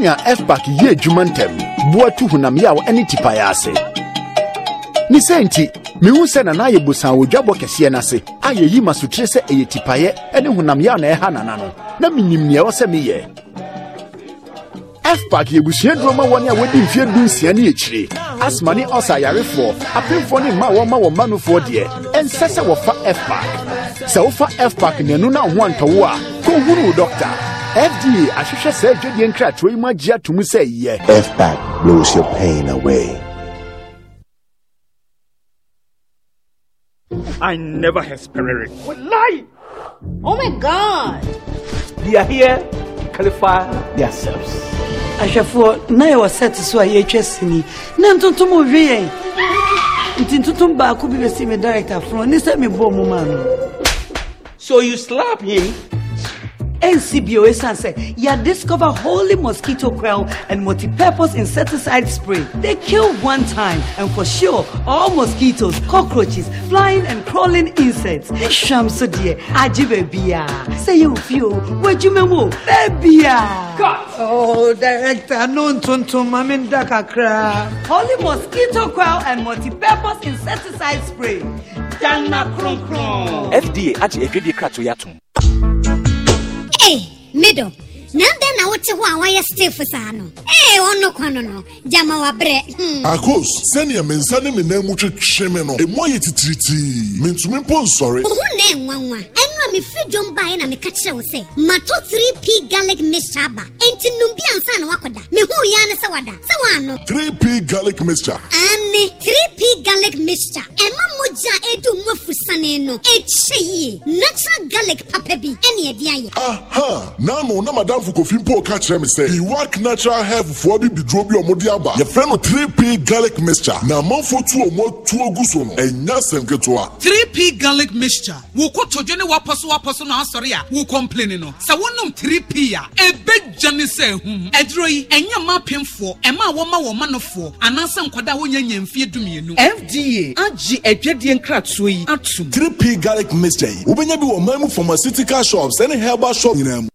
sɛnea fpac yɛ adwuma ntɛm boa tu honam yaw ne tipaeɛ ase ne sɛ nti mehu sɛ nana ayɛ bosan wɔ dwabɔ kɛseɛ no ase a yɛyi ma sotire sɛ ɛyɛ tipaeɛ ne honam yaw na ɛha nana no na menim nea ɛwɔ sɛ meyɛ fpac yɛbusua duro ma wɔne a wɔdi mfeɛ du nsia ne yɛkyire asma ne ɔsa ayarefoɔ apemfoɔ ne mmaa wɔma wɔn manofoɔ deɛ ɛnsɛ sɛ wɔfa fpac sɛ wofa fpac nanu na wo ho antɔwo a kɔhunu wo dɔkta FDA ahwehwɛ sɛ adwadie nkratoɔ yi mu agye atom sɛ yɛ. FPAC blows your pain away. I never had spirit. We lie. Oh my God. They are here to qualify themselves. ahwɛfoɔ na yɛwɔ set so a yɛatwa sini na ntontom ɔwe yɛn Itin ntontom baako bi bɛsi me director from ne sɛ mebɔɔ mumano. so you slap him NCBO Esanse, ya discover holy mosquito coil and multi-purpose insecticide spray. They kill one time and for sure all mosquitoes, cockroaches, flying and crawling insects. Shamso dear, ajibe Say you feel, where you memo, bebia. Cut! Oh, director, no tuntum, mamin dakakra. Holy mosquito coil and multi-purpose insecticide spray. Dana kron kron. FDA, aji, ekwe di krato yatum. Hey, middle. na wote ho a wayɛ stiff saa no ee ɔno kɔn no gyama wabrɛ. akos sɛnea me nsa ne me mu twetwe me no emu ayɛ titiritii mentumi mpo nsɔre. ohun na enwanwa ɛnu a mefiri dwom baeɛ na meka kyerɛ wo sɛ mato 3p garlic mixture aba enti nom ansa na woakɔda mehuu yɛa ne sɛ wada sɛ woano 3p garlic mixture ane 3p garlic mixture ɛma mogya ɛdu mu afusane no ɛkyɛ yie natural garlic papa bi ɛne ɛde ayɛ aha naano na madamfo kofi mpo ka kyerɛ me sɛ iwak natural healthfoɔ bi biduro bi ɔmode aba yɛfrɛ no 3p garlic mixture na amanfo tu ɔmo atuo gu so no ɛnya sɛnketewa 3p garlic mixture wo kotodwe ne wapɔ so na asɔre a wo complain no sɛ wonom 3p a ɛbɛgya ne sɛ ahum yi ɛnyɛ mma ɛma a wɔma wɔn manofoɔ anaasɛ nkwadaa a wɔnya nya dumienu. fda agye adwadeɛ nkratoɔ yi atum. 3p garlic mixture yi wobɛnya bi wɔ man pharmaceutical shops ɛne herbal shop nyinaa mu.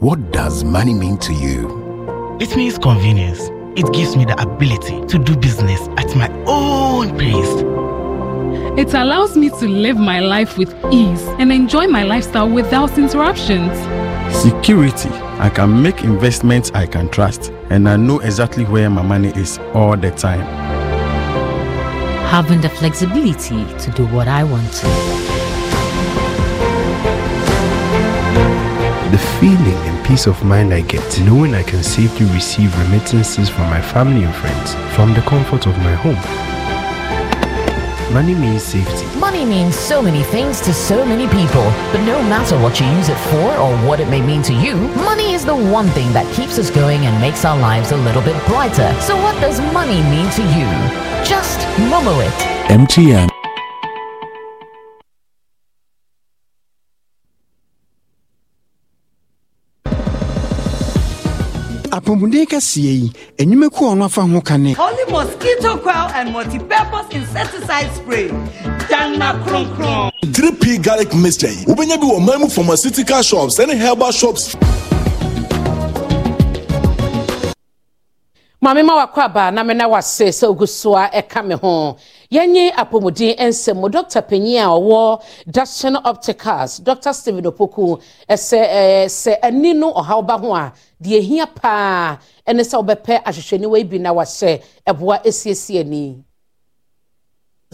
what does money mean to you. it means convenience. It gives me the ability to do business at my own pace It allows me to live my life with ease and enjoy my lifestyle without interruptions. Security. I can make investments I can trust, and I know exactly where my money is all the time. Having the flexibility to do what I want to. The feeling and peace of mind I get knowing I can safely receive remittances from my family and friends from the comfort of my home. Money means safety. Money means so many things to so many people. But no matter what you use it for or what it may mean to you, money is the one thing that keeps us going and makes our lives a little bit brighter. So what does money mean to you? Just Momo it. MTN. ahoɔden kɛseɛ yi enyimeku ɔno afa ho kane. only mosquito coil and multi-purpose insecticide spray dana kronkron. 3p garlic mixture yi wobɛnya bi wɔ man mu pharmaceutical shops ɛne herbal shops. maame ma wakɔ aba na mena wase sɛ ogu so a ɛka me ho yɛnye apɔmuden nsɛm mu dɔkta panyin a ɔwɔ dachin opticals dɔkta steven opoku ɛsɛ ɛɛ sɛ ani no ɔhaw ba ho a deɛ ehia paa ɛne sɛ ɔbɛpɛ ahwehwɛniwa bi na wahyɛ ɛboa esiesie ni.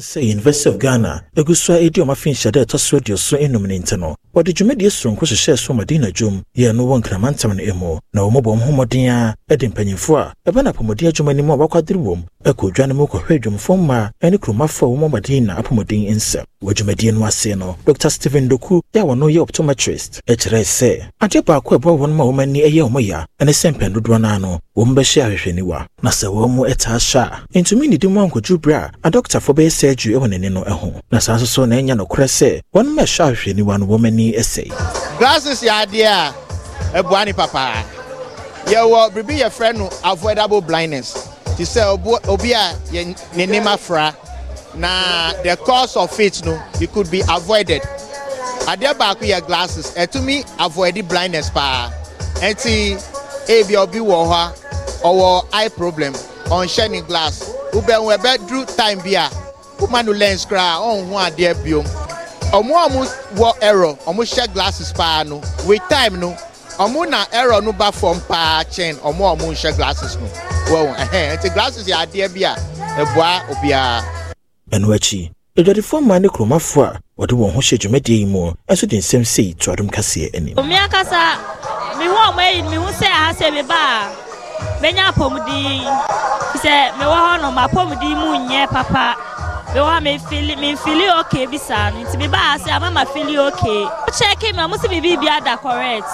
sɛ university of ghana egu so a edi ɔma fi nhyɛ dɛ ɛtɔ so enum ne nti no wɔde dwumadie soronko hyehyɛɛ so madina dwom yɛɛ no wɔ nkramantam no mu na wɔmmɔbɔ ho mmɔden a de mpanyimfo a ɛbɛ no apɔmɔden adwuma no mu a wɔakwadere wɔ m akɔ odwa no mu kɔhwɛ adwumfo mmaa ne kuromafo a wɔmmɔ madina apɔmɔden nsɛm wɔ dwumadie no ase no dr stephen doku yɛ a wɔno yɛ optometrist ɛkyerɛɛ sɛ adeɛ baako a ɛboa wɔn ma wɔn ani ɛyɛ wɔn ya ne sɛ mpɛn dodoɔ no ano wɔn bɛhyɛ ahwehwɛniwa na sɛ wɔn mu ɛtaa hyɛ a ntumi nnidi mu ankɔdwo berɛ a adɔktafo bɛyɛ sɛ adwu wɔ n'ani no ho na saa nso so na ɛnya nokorɛ sɛ wɔn ma ahwehwɛniwa no wɔn ani panyin ɛsɛe glasses yɛ adeɛ a ɛboa ne papaa yɛwɔ biribi yɛfrɛ no avoidable blindness te sɛ obi a ah, ne nim afra na the cause of it no it could be avoided adeɛ baako yɛ glasses ɛtumi eh, avoid blindness paa ɛnti ebi eh, obi wɔ hɔ a ɔwɔ eye problem ɔnhyɛ ne glass wobɛn wɛbɛduru time bi a ah. woma no lens koraa oh, ɔnho adeɛ ah, biom ọmụ ọmụ wọ ẹrọ ọmụ ɔmo hyɛ glasses paa nọ with time nọ ọmụ na ɛrɔ no ba fam paa kyɛn ọmụ ọmụ ɔmo nhyɛ glasses no wɔn ɛhɛn nti glasses yɛ adeɛ bi a ɛboa obiara. ɛno akyi adwadifoɔ mmaa ne kuromafoɔ a wɔde wɔn ho hyɛ dwumadie yi mu nso de nsɛm sei to adom kaseɛ anim. omi akasa mihu ɔmo eyi mihu sɛ aha sɛ mi ba a menya apɔmuden sɛ mewɔ hɔ nom apɔmuden mu nyɛ papa. mewa mefili mefili okay bi saa no nti meba ase ama ma fili okay wokyɛke mi a mo sɛ biribi bi ada correct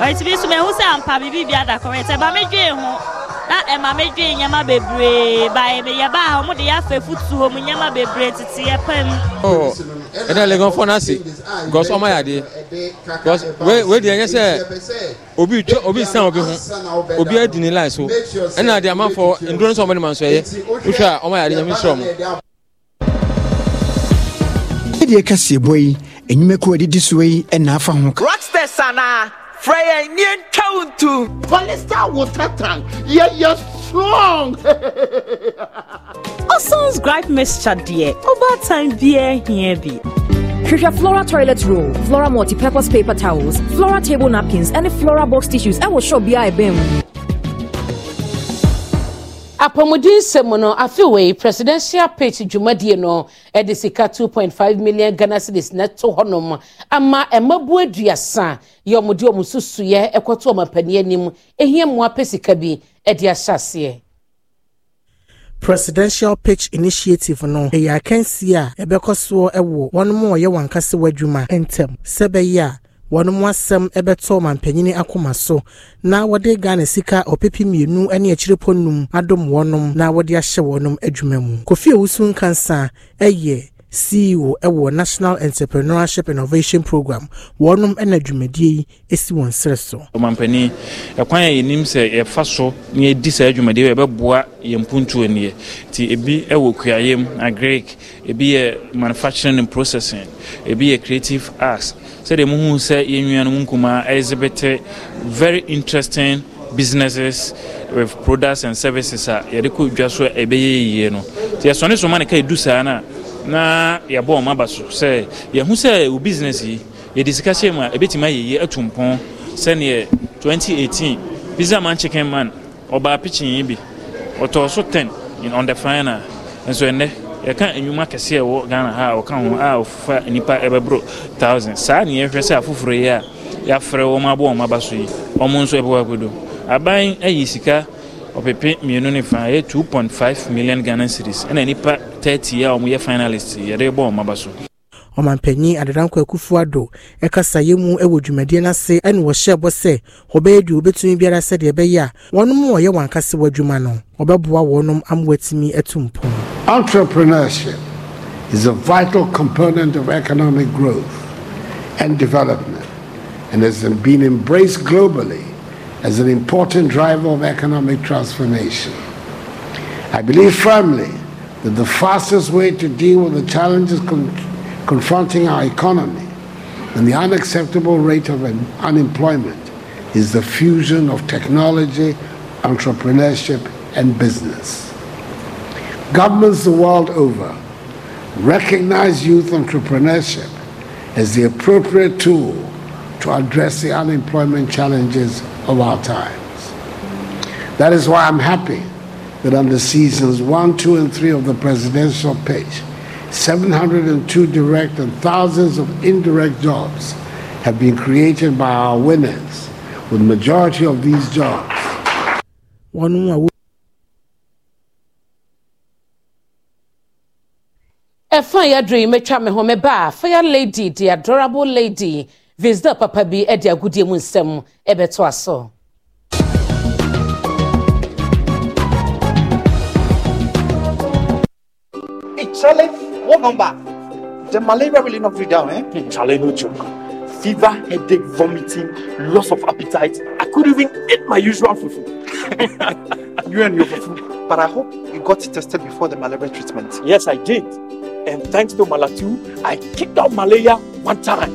ɔnti bi so mehu sɛ ampa biribi bi ada correct ɛba medwee ho na ɛma medwee nneɛma bebree baeɛ meyɛ baa a ɔmo de yɛ afɛ futu hɔ mu nneɛma bebree tete oh, yɛ pam ɛna lɛgɔnfɔ n'ase gɔsɔ ɔmo ayɛ adeɛ gɔs we we deɛ nyɛ sɛ obi twɛ obi san obi ho obi adi ne line so ɛna deɛ amanfɔ nduro nsɔn ɔmo ne ma nsɔ yɛ wohwɛ a ɔmo ayɛ adeɛ nyɛ mi srɔ deɛ kɛseɛ bɔ yi enyima kɔ adidi so yi ɛna afa ho ka. rockstars frɛ yɛn nie ntwa ntu. polista water tank yɛ yɛ strong. (laughs) Oson's gripe mixture deɛ overtime time biɛ hia bi. Hwehwɛ Flora toilet roll, Flora multi-purpose paper towels, Flora table napkins, and Flora box tissues I will show bi bim apɔmudensɛm no afeiwei presidential page dwumadie no ɛde sika 2.5 million ghana cedis na to hɔnom ama ɛmabu aduasa yɛ ɔmode ɔmo susueɛ ɛkɔto ɔmapani anim ɛhia mmoa pɛ sika bi ɛde ahyɛ aseɛ presidential pitch initiative no ɛyɛ akansie a ɛbɛkɔ soɔ ɛwɔ wɔn mu ɔyɛ wɔn ankasa w'adwuma ntɛm sɛ bɛyɛ a wɔn mu asɛm ɛbɛtɔ mampanyini akoma so na wɔde ghana sika ɔpepi mmienu ɛne akyire pɔ num adom wɔnom na wɔde ahyɛ wɔnom adwuma mu kofi ewusu nkansa ɛyɛ ceo ɛwɔ national entrepreneurship innovation program wɔnom ɛna dwumadie yi si wɔn srɛ so. ɔmampanin ɛkwan a yɛnim sɛ yɛfa so na yɛdi saa dwumadie yɛbɛboa yɛn mpuntuo nie nti ebi ɛwɔ kuayɛm agric ebi yɛ manufacturing and processing ebi yɛ creative arts sɛdeɛ muhu sɛ yɛn nua no mu nkumaa exhibit very interesting businesses with products and services a yɛde kɔ dwa so ɛbɛyɛ yie no nti yɛsɔne soma ne ka ɛdu saa no a na yɛabɔ ɔma ba so sɛ yɛhu sɛ wo business yi yɛde sika hyɛ mu a ɛbɛtumi ayɛ yie atu mpɔn sɛneɛ 2018 pizza man chicken man ɔbaa pikyin yi bi ɔtɔɔ so 10 in on the final nso ɛnnɛ yɛka nnwuma kɛseɛ ɛwɔ ghana ha a ɔka ho a ɔfa nnipa ɛbɛboro thousand saa ne yɛhwɛ sɛ afoforo yi a yɛafrɛ wɔn abɔ wɔn aba so yi wɔn nso ɛbɛwɔ agodo aban ayi sika ɔpepe mmienu ne fa ɛyɛ two point five million ghana series ɛna nnipa thirty a wɔyɛ finalist yɛde bɔ wɔn aba so ɔmampanin adedankwa akufo ado ɛkasaeɛ mu wɔ dwumadie no ase wɔhyɛ bɔ sɛ wɔbɛyɛ deɛ wobɛtumi biara sɛdeɛ ɛbɛyɛ a wɔnom wɔyɛ wɔn ankasa w'adwuma no wɔbɛboa wɔnom ama wɔatumi ato mpɔn entrepreneurship is a vital component of economic growth and development and has been embraced globally as an important driver of economic transformation. I believe firmly that the fastest way to deal with the challenges con- confronting our economy and the unacceptable rate of unemployment is the fusion of technology, entrepreneurship, and business. Governments the world over recognize youth entrepreneurship as the appropriate tool to address the unemployment challenges of our times. That is why I'm happy that under seasons one, two, and three of the presidential pitch, 702 direct and thousands of indirect jobs have been created by our winners, with majority of these jobs. ɛfa yɛ adoro yi mɛtwa me a meba a fire lady the adorable lady visda papa bi de agudie mu nsɛm ɛbɛto aso It's a the malaria really not me down, eh? Hmm, Charlie, no joke. Fever, headache, vomiting, loss of appetite. I couldn't even eat my usual fufu. (laughs) you and your fufu. But I hope you got tested before the malaria treatment. Yes, I did. And thanks to Malatu, I kicked out malaria one time.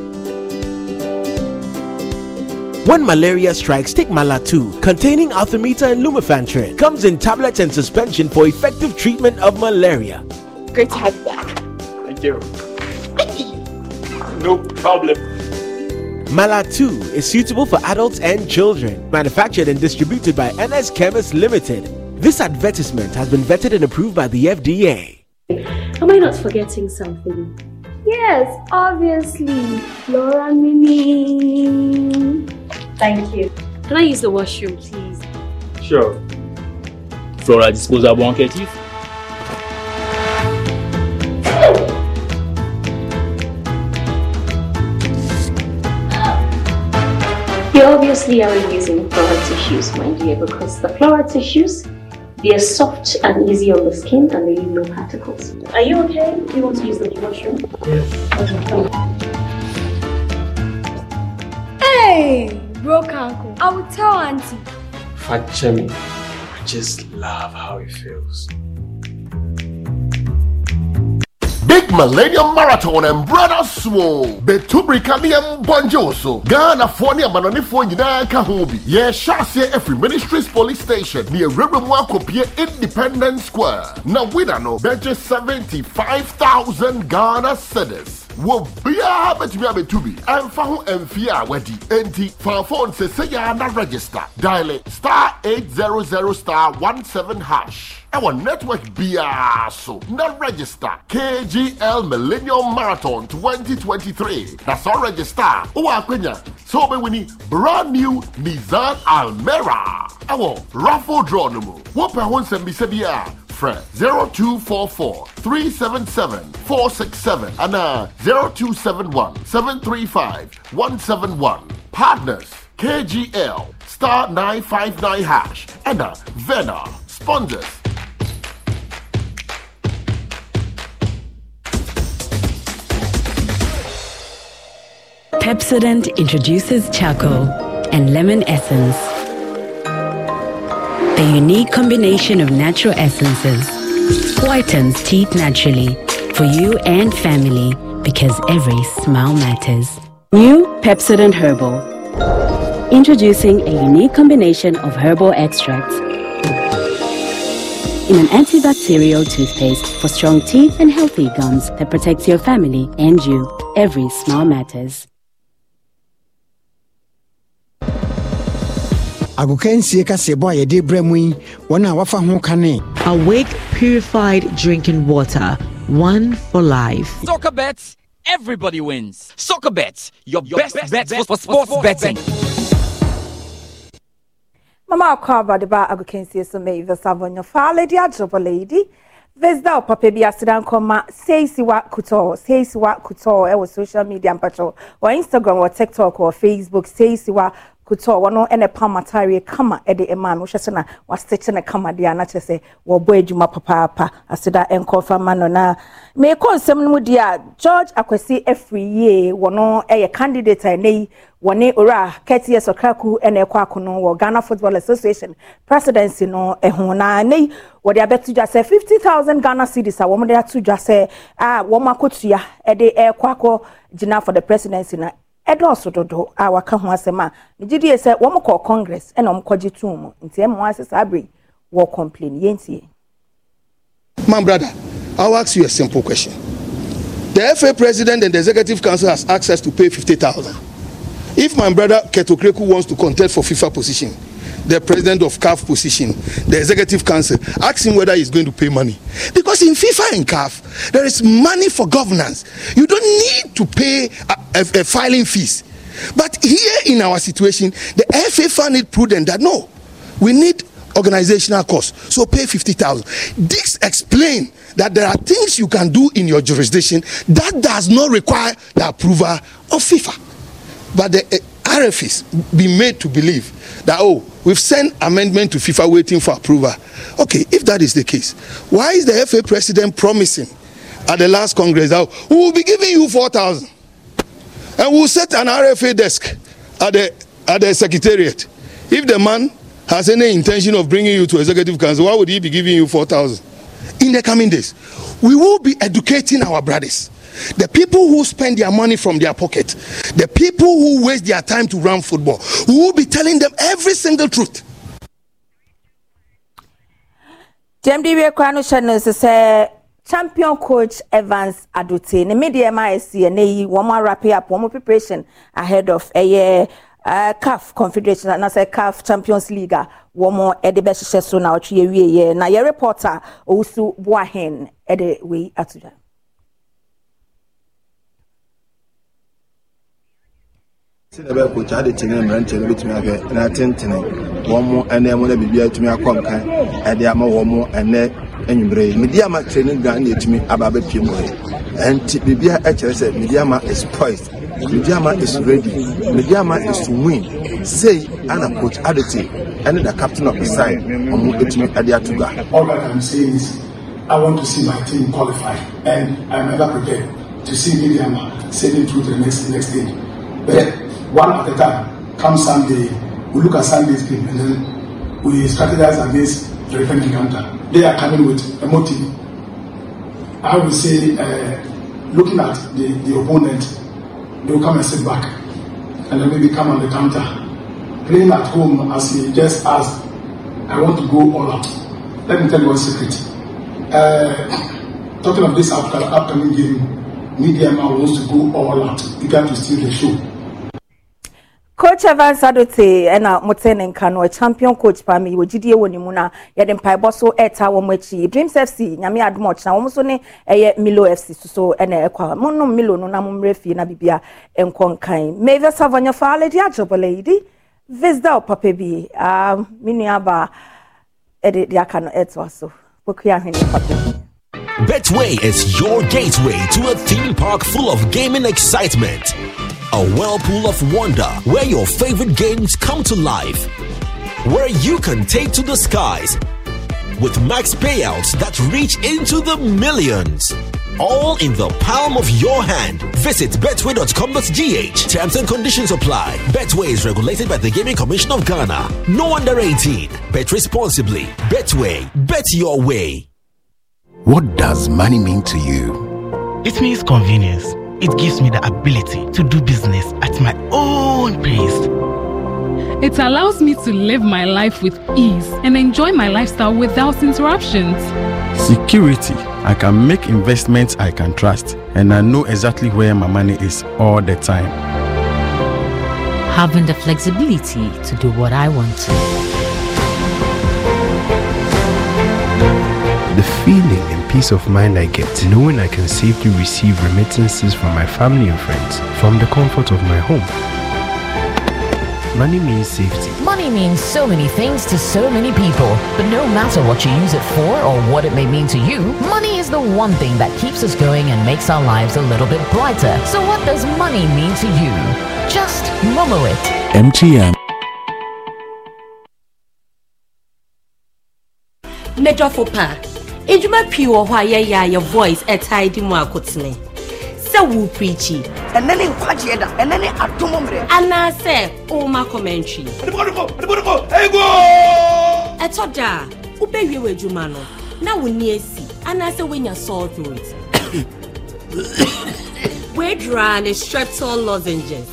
When malaria strikes, take Mala2, containing Arthemeter and Lumefantrin. Comes in tablets and suspension for effective treatment of malaria. Great to have you back you. no problem. Malatu is suitable for adults and children. Manufactured and distributed by NS Chemist Limited. This advertisement has been vetted and approved by the FDA. Am I not forgetting something? Yes, obviously. Flora Mimi. Thank you. Can I use the washroom, please? Sure. Flora disposable handkerchief. obviously I are using floral tissues, my dear, because the floral tissues, they're soft and easy on the skin and they leave no particles. Are you okay? Do you want to use the washroom? Yes. Hey, broke uncle. I will tell auntie. Fat Chemi, I just love how it feels. Big Millennium Marathon and Brother Swole. Betubri Kamiam Bonjo so. Ghana Foni Amanoni Fonina Kahobi. Ye Shasia Every Ministries Police Station near River Mwakopie Independence Square. Now we don't know, seventy-five thousand Ghana cedis wɔ biara bɛtumi abɛtu bi ɛmfa ho mfie a wadi enti fa phone sɛsɛyɛ na register diale star eight zero zero star one seven hash ɛwɔ network biara so na register kgl millennium marathon 2023 na sɛ register a wowɔ akwanya sɛ brand new nissan almera ɛwɔ raffle draw no mu wopɛ ho nsɛmbisa bi a Fred 0244 377 467 and uh, 0271 735 171. Partners KGL Star 959 Hash and uh, Vena Sponsors. Pepsodent introduces charcoal and lemon essence a unique combination of natural essences. Whitens teeth naturally for you and family because every smile matters. New Pepsodent Herbal. Introducing a unique combination of herbal extracts in an antibacterial toothpaste for strong teeth and healthy gums that protects your family and you. Every smile matters. agokansie kaseɛbɔ a yɛde brɛ mu yi wɔn a wɔafa ho ka awake purified drinking water one for life soccer bets everybody wins soccer bets your, your best, best bet for, for sports, sports betting, Mama Kwaba de ba agokansie so me visa vonyo fa lady adrobo lady Vesda o papa bi asidan koma seisiwa kuto seisiwa kuto ɛwɔ social media mpatro wɔ Instagram wɔ TikTok wɔ Facebook seisiwa kutuo wɔn ɛna pam ataareɛ kama ɛde ɛmaa mi wohyɛ na wasete ne kama deɛ anakyɛ sɛ wɔbɔ adwuma papaapa aseda nkɔfa ma no na meekɔ nsɛm no mu deɛ george akwasi afiri yie wɔn ɛyɛ candidate a ɛnɛ yi wɔne owura kɛtiyɛ sɔkraku ɛna ɛkɔ akono wɔ ghana football association presidency no ɛho na ne yi wɔde abɛto dwa sɛ fifty thousand ghana cedis a wɔn de ato dwa sɛ a wɔn akotua ɛde ɛkɔ eh, akɔ gyina for the presidency na ɛdɔɔso dodo a waka ho asɛm a megye die sɛ wɔn kɔ congress ɛna wɔn kɔgye tum mu nti ɛma wɔn ase abiri wɔ complain yɛntie. my brother i will ask you a simple question the fa president and the executive council has access to pay fifty thousand if my brother ketokreku wants to contest for fifa position the president of CAF position, the executive council, ask him whether he's going to pay money. Because in FIFA and CAF, there is money for governance. You don't need to pay a, a, a filing fees. But here in our situation, the FIFA need prudent that no, we need organizational costs. So pay 50,000. This explain that there are things you can do in your jurisdiction that does not require the approval of FIFA. But the eh, RFs be made to believe that, oh, we've sent amendment to FIFA waiting for approval. Okay, if that is the case, why is the FA president promising at the last Congress that we will be giving you four thousand and we'll set an RFA desk at the, at the secretariat? If the man has any intention of bringing you to executive council, why would he be giving you four thousand In the coming days, we will be educating our brothers. The people who spend their money from their pocket, the people who waste their time to run football, who will be telling them every single truth. GMDB Kwano Channel sɛ eh, champion coach Evans Adote The media MIC and they wɔn more wrap up one more preparation ahead of ɛyɛ uh, eh, eh, CAF Confederation and I say CAF Champions League a wɔn ɛde bɛhyehyɛ so na ɔtwe year wie yɛ na yɛ reporter owusu Boahen ɛde we are today. sɛdeɛ ɛbɛyɛ kokyɛ ade tene mmeranteɛ no bɛtumi ahwɛ na atentene wɔn mo ɛnɛ mu na biribi atumi akɔ nkan ɛde ama wɔn mo ɛnɛ anwummerɛ yi medi ama training ground na ɛtumi aba abɛpie mu hɔ ɛnti biribia ɛkyerɛ sɛ medi ama is poised medi ready medi ama is to win sei ana coach adete ɛne the captain of the side ɔmo ɛtumi ɛde ato gua all i am saying is i want to see my team qualify and i am ever prepared to see medi ama sailing through the next next stage but one at a time. Come Sunday, we look at Sunday's game and then we strategize against the referee counter. They are coming with a motive. I would say, uh, looking at the, the opponent, they will come and sit back and then maybe come on the counter. Playing at home as he just asked, I want to go all out. Let me tell you one secret. Uh, talking of this upcoming game, media man wants to go all out. You got to steal the show coach evans adote ɛna mote ne nka no champion coach paa mi wɔgyidie wɔ ne mu na yɛde mpaebɔ so ɛta wɔn akyi dreams fc nyame adom ɔkyena wɔn nso ne ɛyɛ milo fc soso ɛna ɛkɔ mo milo no na mo fie na bibia nkɔ nkan mave savanya fa aledi agyebɔla yi di visda papa bi aa mi nua baa ɛde de aka no ɛtoa e so kɔkua ahwene papa Betway is your gateway to a theme park full of gaming excitement. a whirlpool of wonder where your favorite games come to life, where you can take to the skies with max payouts that reach into the millions. All in the palm of your hand. Visit betway.com.gh. Terms and conditions apply. Betway is regulated by the Gaming Commission of Ghana. No under 18. Bet responsibly. Betway. Bet your way. What does money mean to you? It means convenience it gives me the ability to do business at my own pace. It allows me to live my life with ease and enjoy my lifestyle without interruptions. Security. I can make investments I can trust, and I know exactly where my money is all the time. Having the flexibility to do what I want to. The feeling peace of mind I get knowing I can safely receive remittances from my family and friends from the comfort of my home. Money means safety. Money means so many things to so many people. But no matter what you use it for or what it may mean to you, money is the one thing that keeps us going and makes our lives a little bit brighter. So what does money mean to you? Just Momo it. MTN. Major faux pas edwuma pii wɔ hɔ a yɛyɛ a yɛ voice ɛtae eh, di mu akotene sɛ wo preachi ɛnɛ ne nkwagyeɛ da ɛnɛ ne atom mmerɛ anaasɛ woma commentary ɛtɔ eh, da a wobɛwie wɔ adwuma no na wo nni asi anaasɛ woanya salt road (coughs) woadura ne streptol lozenges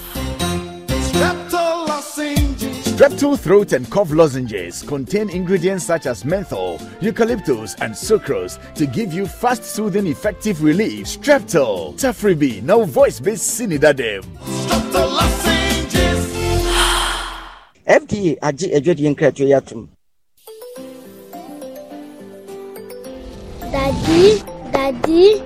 Sore throat and cough lozenges contain ingredients such as menthol, eucalyptus, and sucrose to give you fast, soothing, effective relief. Streptol, Tafribi, now voice-based Sinidadem. Streptol lozenges. FDA agye adwadie nkrataa yi atom. Daddy, Daddy,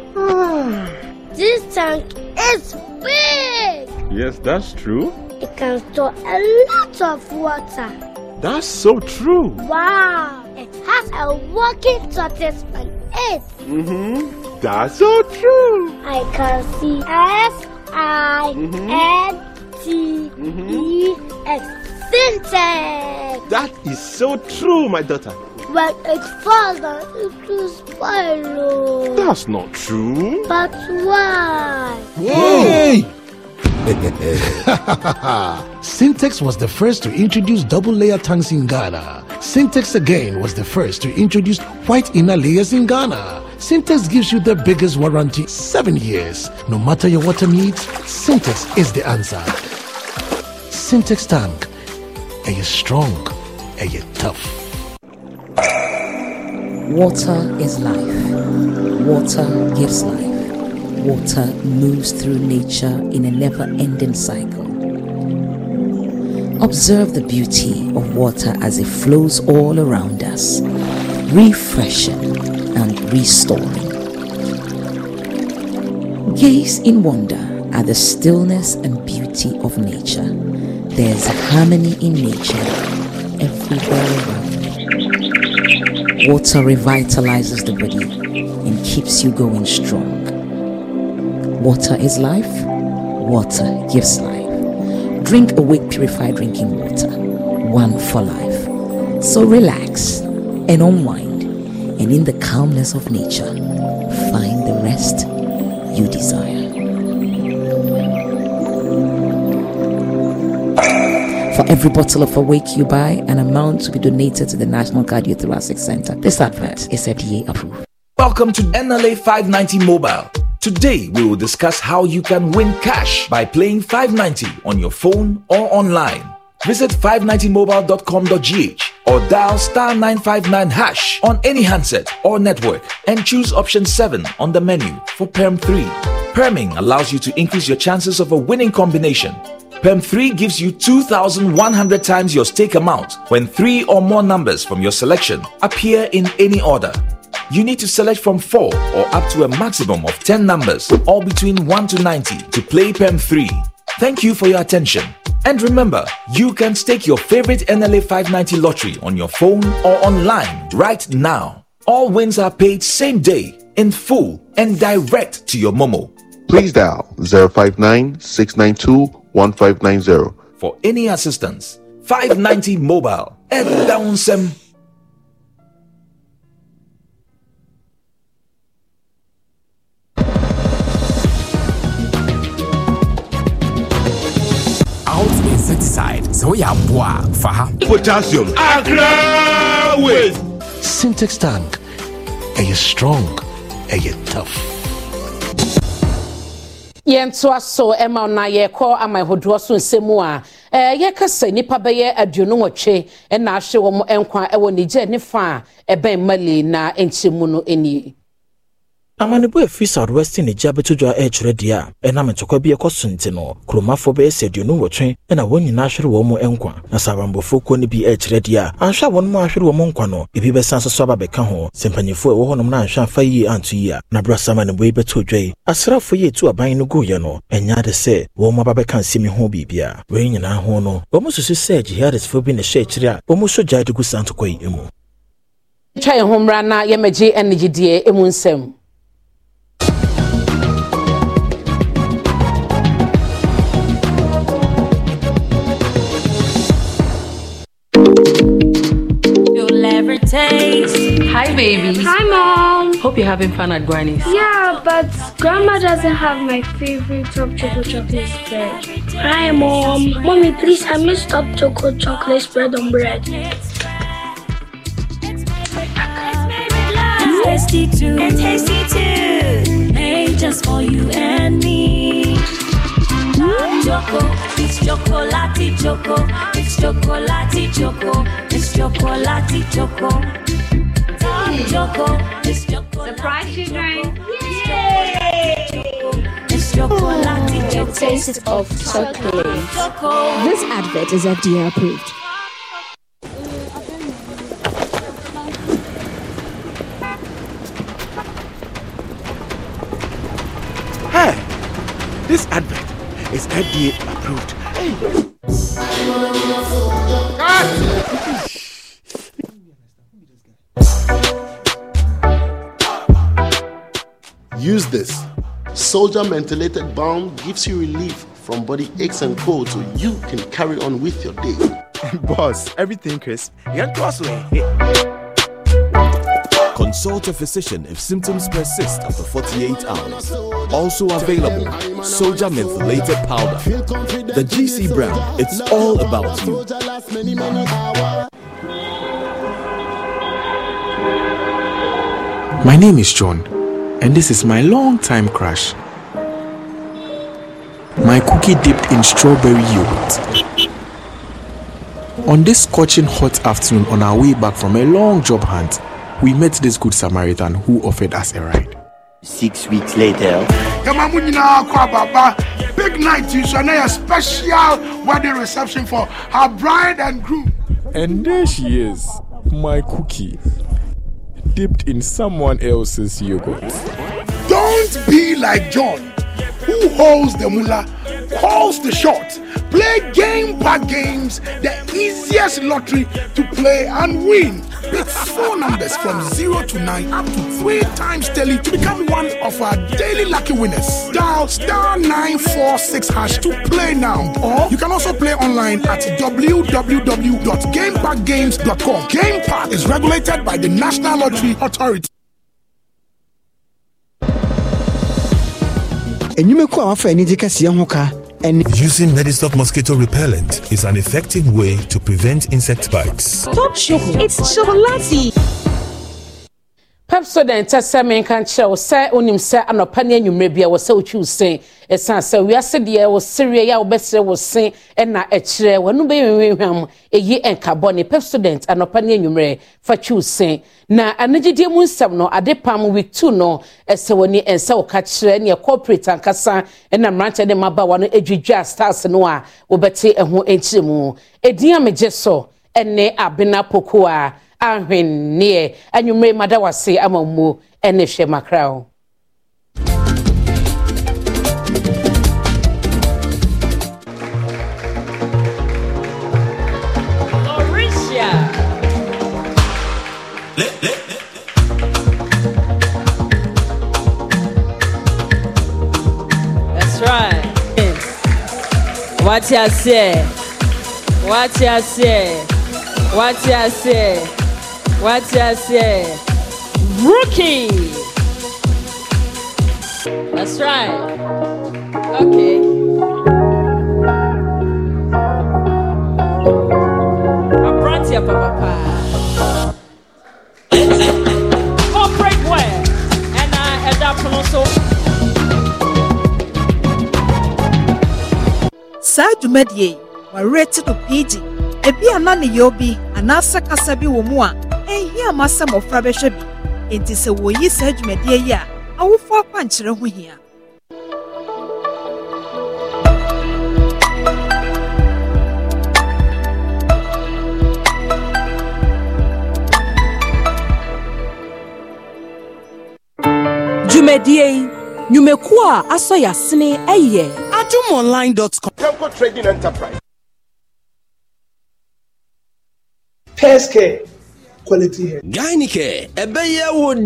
(sighs) this tank is big. Yes, that's true. It can store a lot of water. That's so true. Wow. It has a working tortoise on it. Mm-hmm. That's so true. I can see S I mm-hmm. N T mm-hmm. E X. Syntax. That is so true, my daughter. But it's father, it will spoil. That's not true. But why? Whoa. Hey! Syntex (laughs) was the first to introduce double layer tanks in Ghana. Syntex again was the first to introduce white inner layers in Ghana. Syntex gives you the biggest warranty, seven years. No matter your water needs, Syntex is the answer. Syntex tank. Are you strong? Are you tough? Water is life. Water gives life water moves through nature in a never ending cycle. Observe the beauty of water as it flows all around us, refreshing and restoring. Gaze in wonder at the stillness and beauty of nature. There's harmony in nature everywhere around. Water revitalizes the body and keeps you going strong. Water is life. Water gives life. Drink awake purified drinking water. One for life. So relax and unwind, and in the calmness of nature, find the rest you desire. For every bottle of Awake you buy, an amount to be donated to the National Cardiothoracic Center. This advert is FDA approved. Welcome to NLA 590 Mobile Today, we will discuss how you can win cash by playing 590 on your phone or online. Visit 590mobile.com.gh or dial star 959 hash on any handset or network and choose option 7 on the menu for PERM 3. PERMing allows you to increase your chances of a winning combination. PERM 3 gives you 2,100 times your stake amount when three or more numbers from your selection appear in any order. You need to select from 4 or up to a maximum of 10 numbers, all between 1 to 90 to play PEM 3. Thank you for your attention. And remember, you can stake your favorite NLA 590 lottery on your phone or online right now. All wins are paid same day, in full, and direct to your Momo. Please dial 059 for any assistance. 590 Mobile. Ed Downsem. sɛ woyɛ aboa a fa ha potassium akra waste syntax tank ɛyɛ strong ɛyɛ tough yɛntoa so ma na yɛrekɔ ama ahodoɔ so nsɛm a yɛka sɛ nnipa bɛyɛ aduonu wɔtwe na ahwe wɔn nkwa wɔ niger ne fa a ɛbɛn mali na nkyɛmu no ani amanebo efi southwest nigeria bɛtodwa ɛrekyerɛ deɛ a ɛnam ntɔkwa bi ɛkɔ so nti no kuromafoɔ bɛyɛ sɛ aduonu wɔtwe ɛna wɔn nyinaa ahwere wɔn mu e nkwa na sɛ abanbɔfoɔ kuo no bi ɛrekyerɛ deɛ a anhwɛ a wɔn mu ahwere wɔn nkwa no ebi bɛsan so so aba bɛka ho sɛ mpanyinfoɔ ɛwɔ hɔnom no anhwɛ amfa yie anto yi a na berɛ sɛ amanebo yi bɛto dwa yi asraafoɔ yi etu aban no guiɛ no ɛnyɛ ade sɛ wɔn mu aba bɛka nsɛm ho biribia wɔn nyinaa ho no wɔn e mu susu sɛ jihadistfoɔ bi na ɛhyɛ akyire a wɔn mu so gyae de gu na yɛmɛgye ɛne taste. Hi, babies. Hi, Mom. Hope you're having fun at Granny's. Yeah, but Grandma doesn't have my favorite top chocolate chocolate spread. Hi, Mom. Mommy, please have me stop chocolate chocolate spread on bread. tasty too. And tasty too. Made just for you and me. Choco, it's chocolate choco, it's chocolate choco chocolate choco. Choco. Surprise Yay! The taste of chocolate. This advert is FDA approved. Hey, this advert is FDA approved. Hey. Use this. Soldier Mentholated Balm gives you relief from body aches and colds so you can carry on with your day. (laughs) Boss, everything crisp. You're Consult a physician if symptoms persist after 48 hours. Also available, Soldier Mentholated Powder. The GC brand, it's all about you. My name is John and this is my long time crush. My cookie dipped in strawberry yogurt. On this scorching hot afternoon, on our way back from a long job hunt, we met this good Samaritan who offered us a ride. Six weeks later, big night you shall a special wedding reception for her bride and groom. And there she is, my cookie dipped in someone else's yogurt. Don't be like John, who holds the mullah, calls the shot, play game by games, the easiest lottery to play and win. Pick phone numbers from 0 to 9 up to 3 times daily to become one of our daily lucky winners. Dial star 946 hash to play now. Or you can also play online at www.gamepackgames.com. Game Park is regulated by the National Lottery Authority. enyimekwu a wafa ani kɛseɛ ho ka and using medicated mosquito repellent is an effective way to prevent insect bites. Stop shopping. It's chocolatey. capsodent tɛ sɛ menka nkyerɛ wo sɛ wonim sɛ anɔpa ne anwummerɛ bi a wɔ sɛ wotwi wo sen ɛsiane sɛ wiase deɛ wo sereɛ yɛ a wobɛserɛ wo sen na ɛkyerɛ w'ano bɛyɛ ɛyi nka bɔne pepsodent anɔpa ne anwummerɛ fa twi wo sen na anigyedeɛ mu nsɛm no ade pam week two no ɛsɛ w'ani ɛnsɛ woka kyerɛ neɛ corporate ankasa na mmeranteɛ ne mmabaawa no adwidwa stars no a wobɛte ɛho nkyerɛ mu ɛdin a megye so ɛne abena pokoa ahwenneɛ anwummerɛ mada wase ama mmuo ne hwɛ makra say? What ya say? What ya say? wate say, rookie that's right okay. aberanteɛ brought corporate wear ɛna ɛda pono so. saa dwumadie wɔawerɛ te no pii gye ebi a na ne yɛ obi anaasɛ kasa bi wɔ mu a yɛ a masɛ mmɔfra bɛhwɛ bi enti sɛ wɔyi saa adwumadeɛ yi a awofo akwankyerɛ ho hia dwumadie yi nnwumakuo a asɔ yɛ asene yɛ enterprise pescare quality hair. Gynike, Ebeya would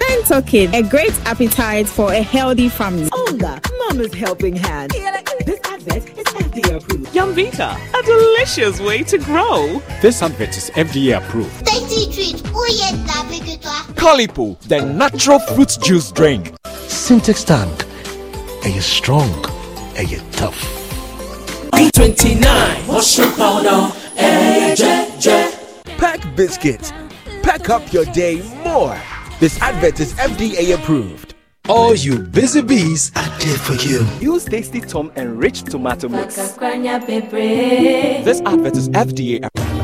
Pentokin, a great appetite for a healthy family. Olga, Mama's helping hand. This advert is FDA approved. Yumvita, a delicious way to grow. This advert is FDA approved. Tasty treat. Oh yes, the natural fruit juice drink. Syntex tank. Are you strong? Are you tough? B29 powder. Eh, Pack biscuits. Pack up your day more. This advert is FDA approved. All you busy bees are there for you. Use Tasty Tom enriched tomato mix. This advert is FDA approved.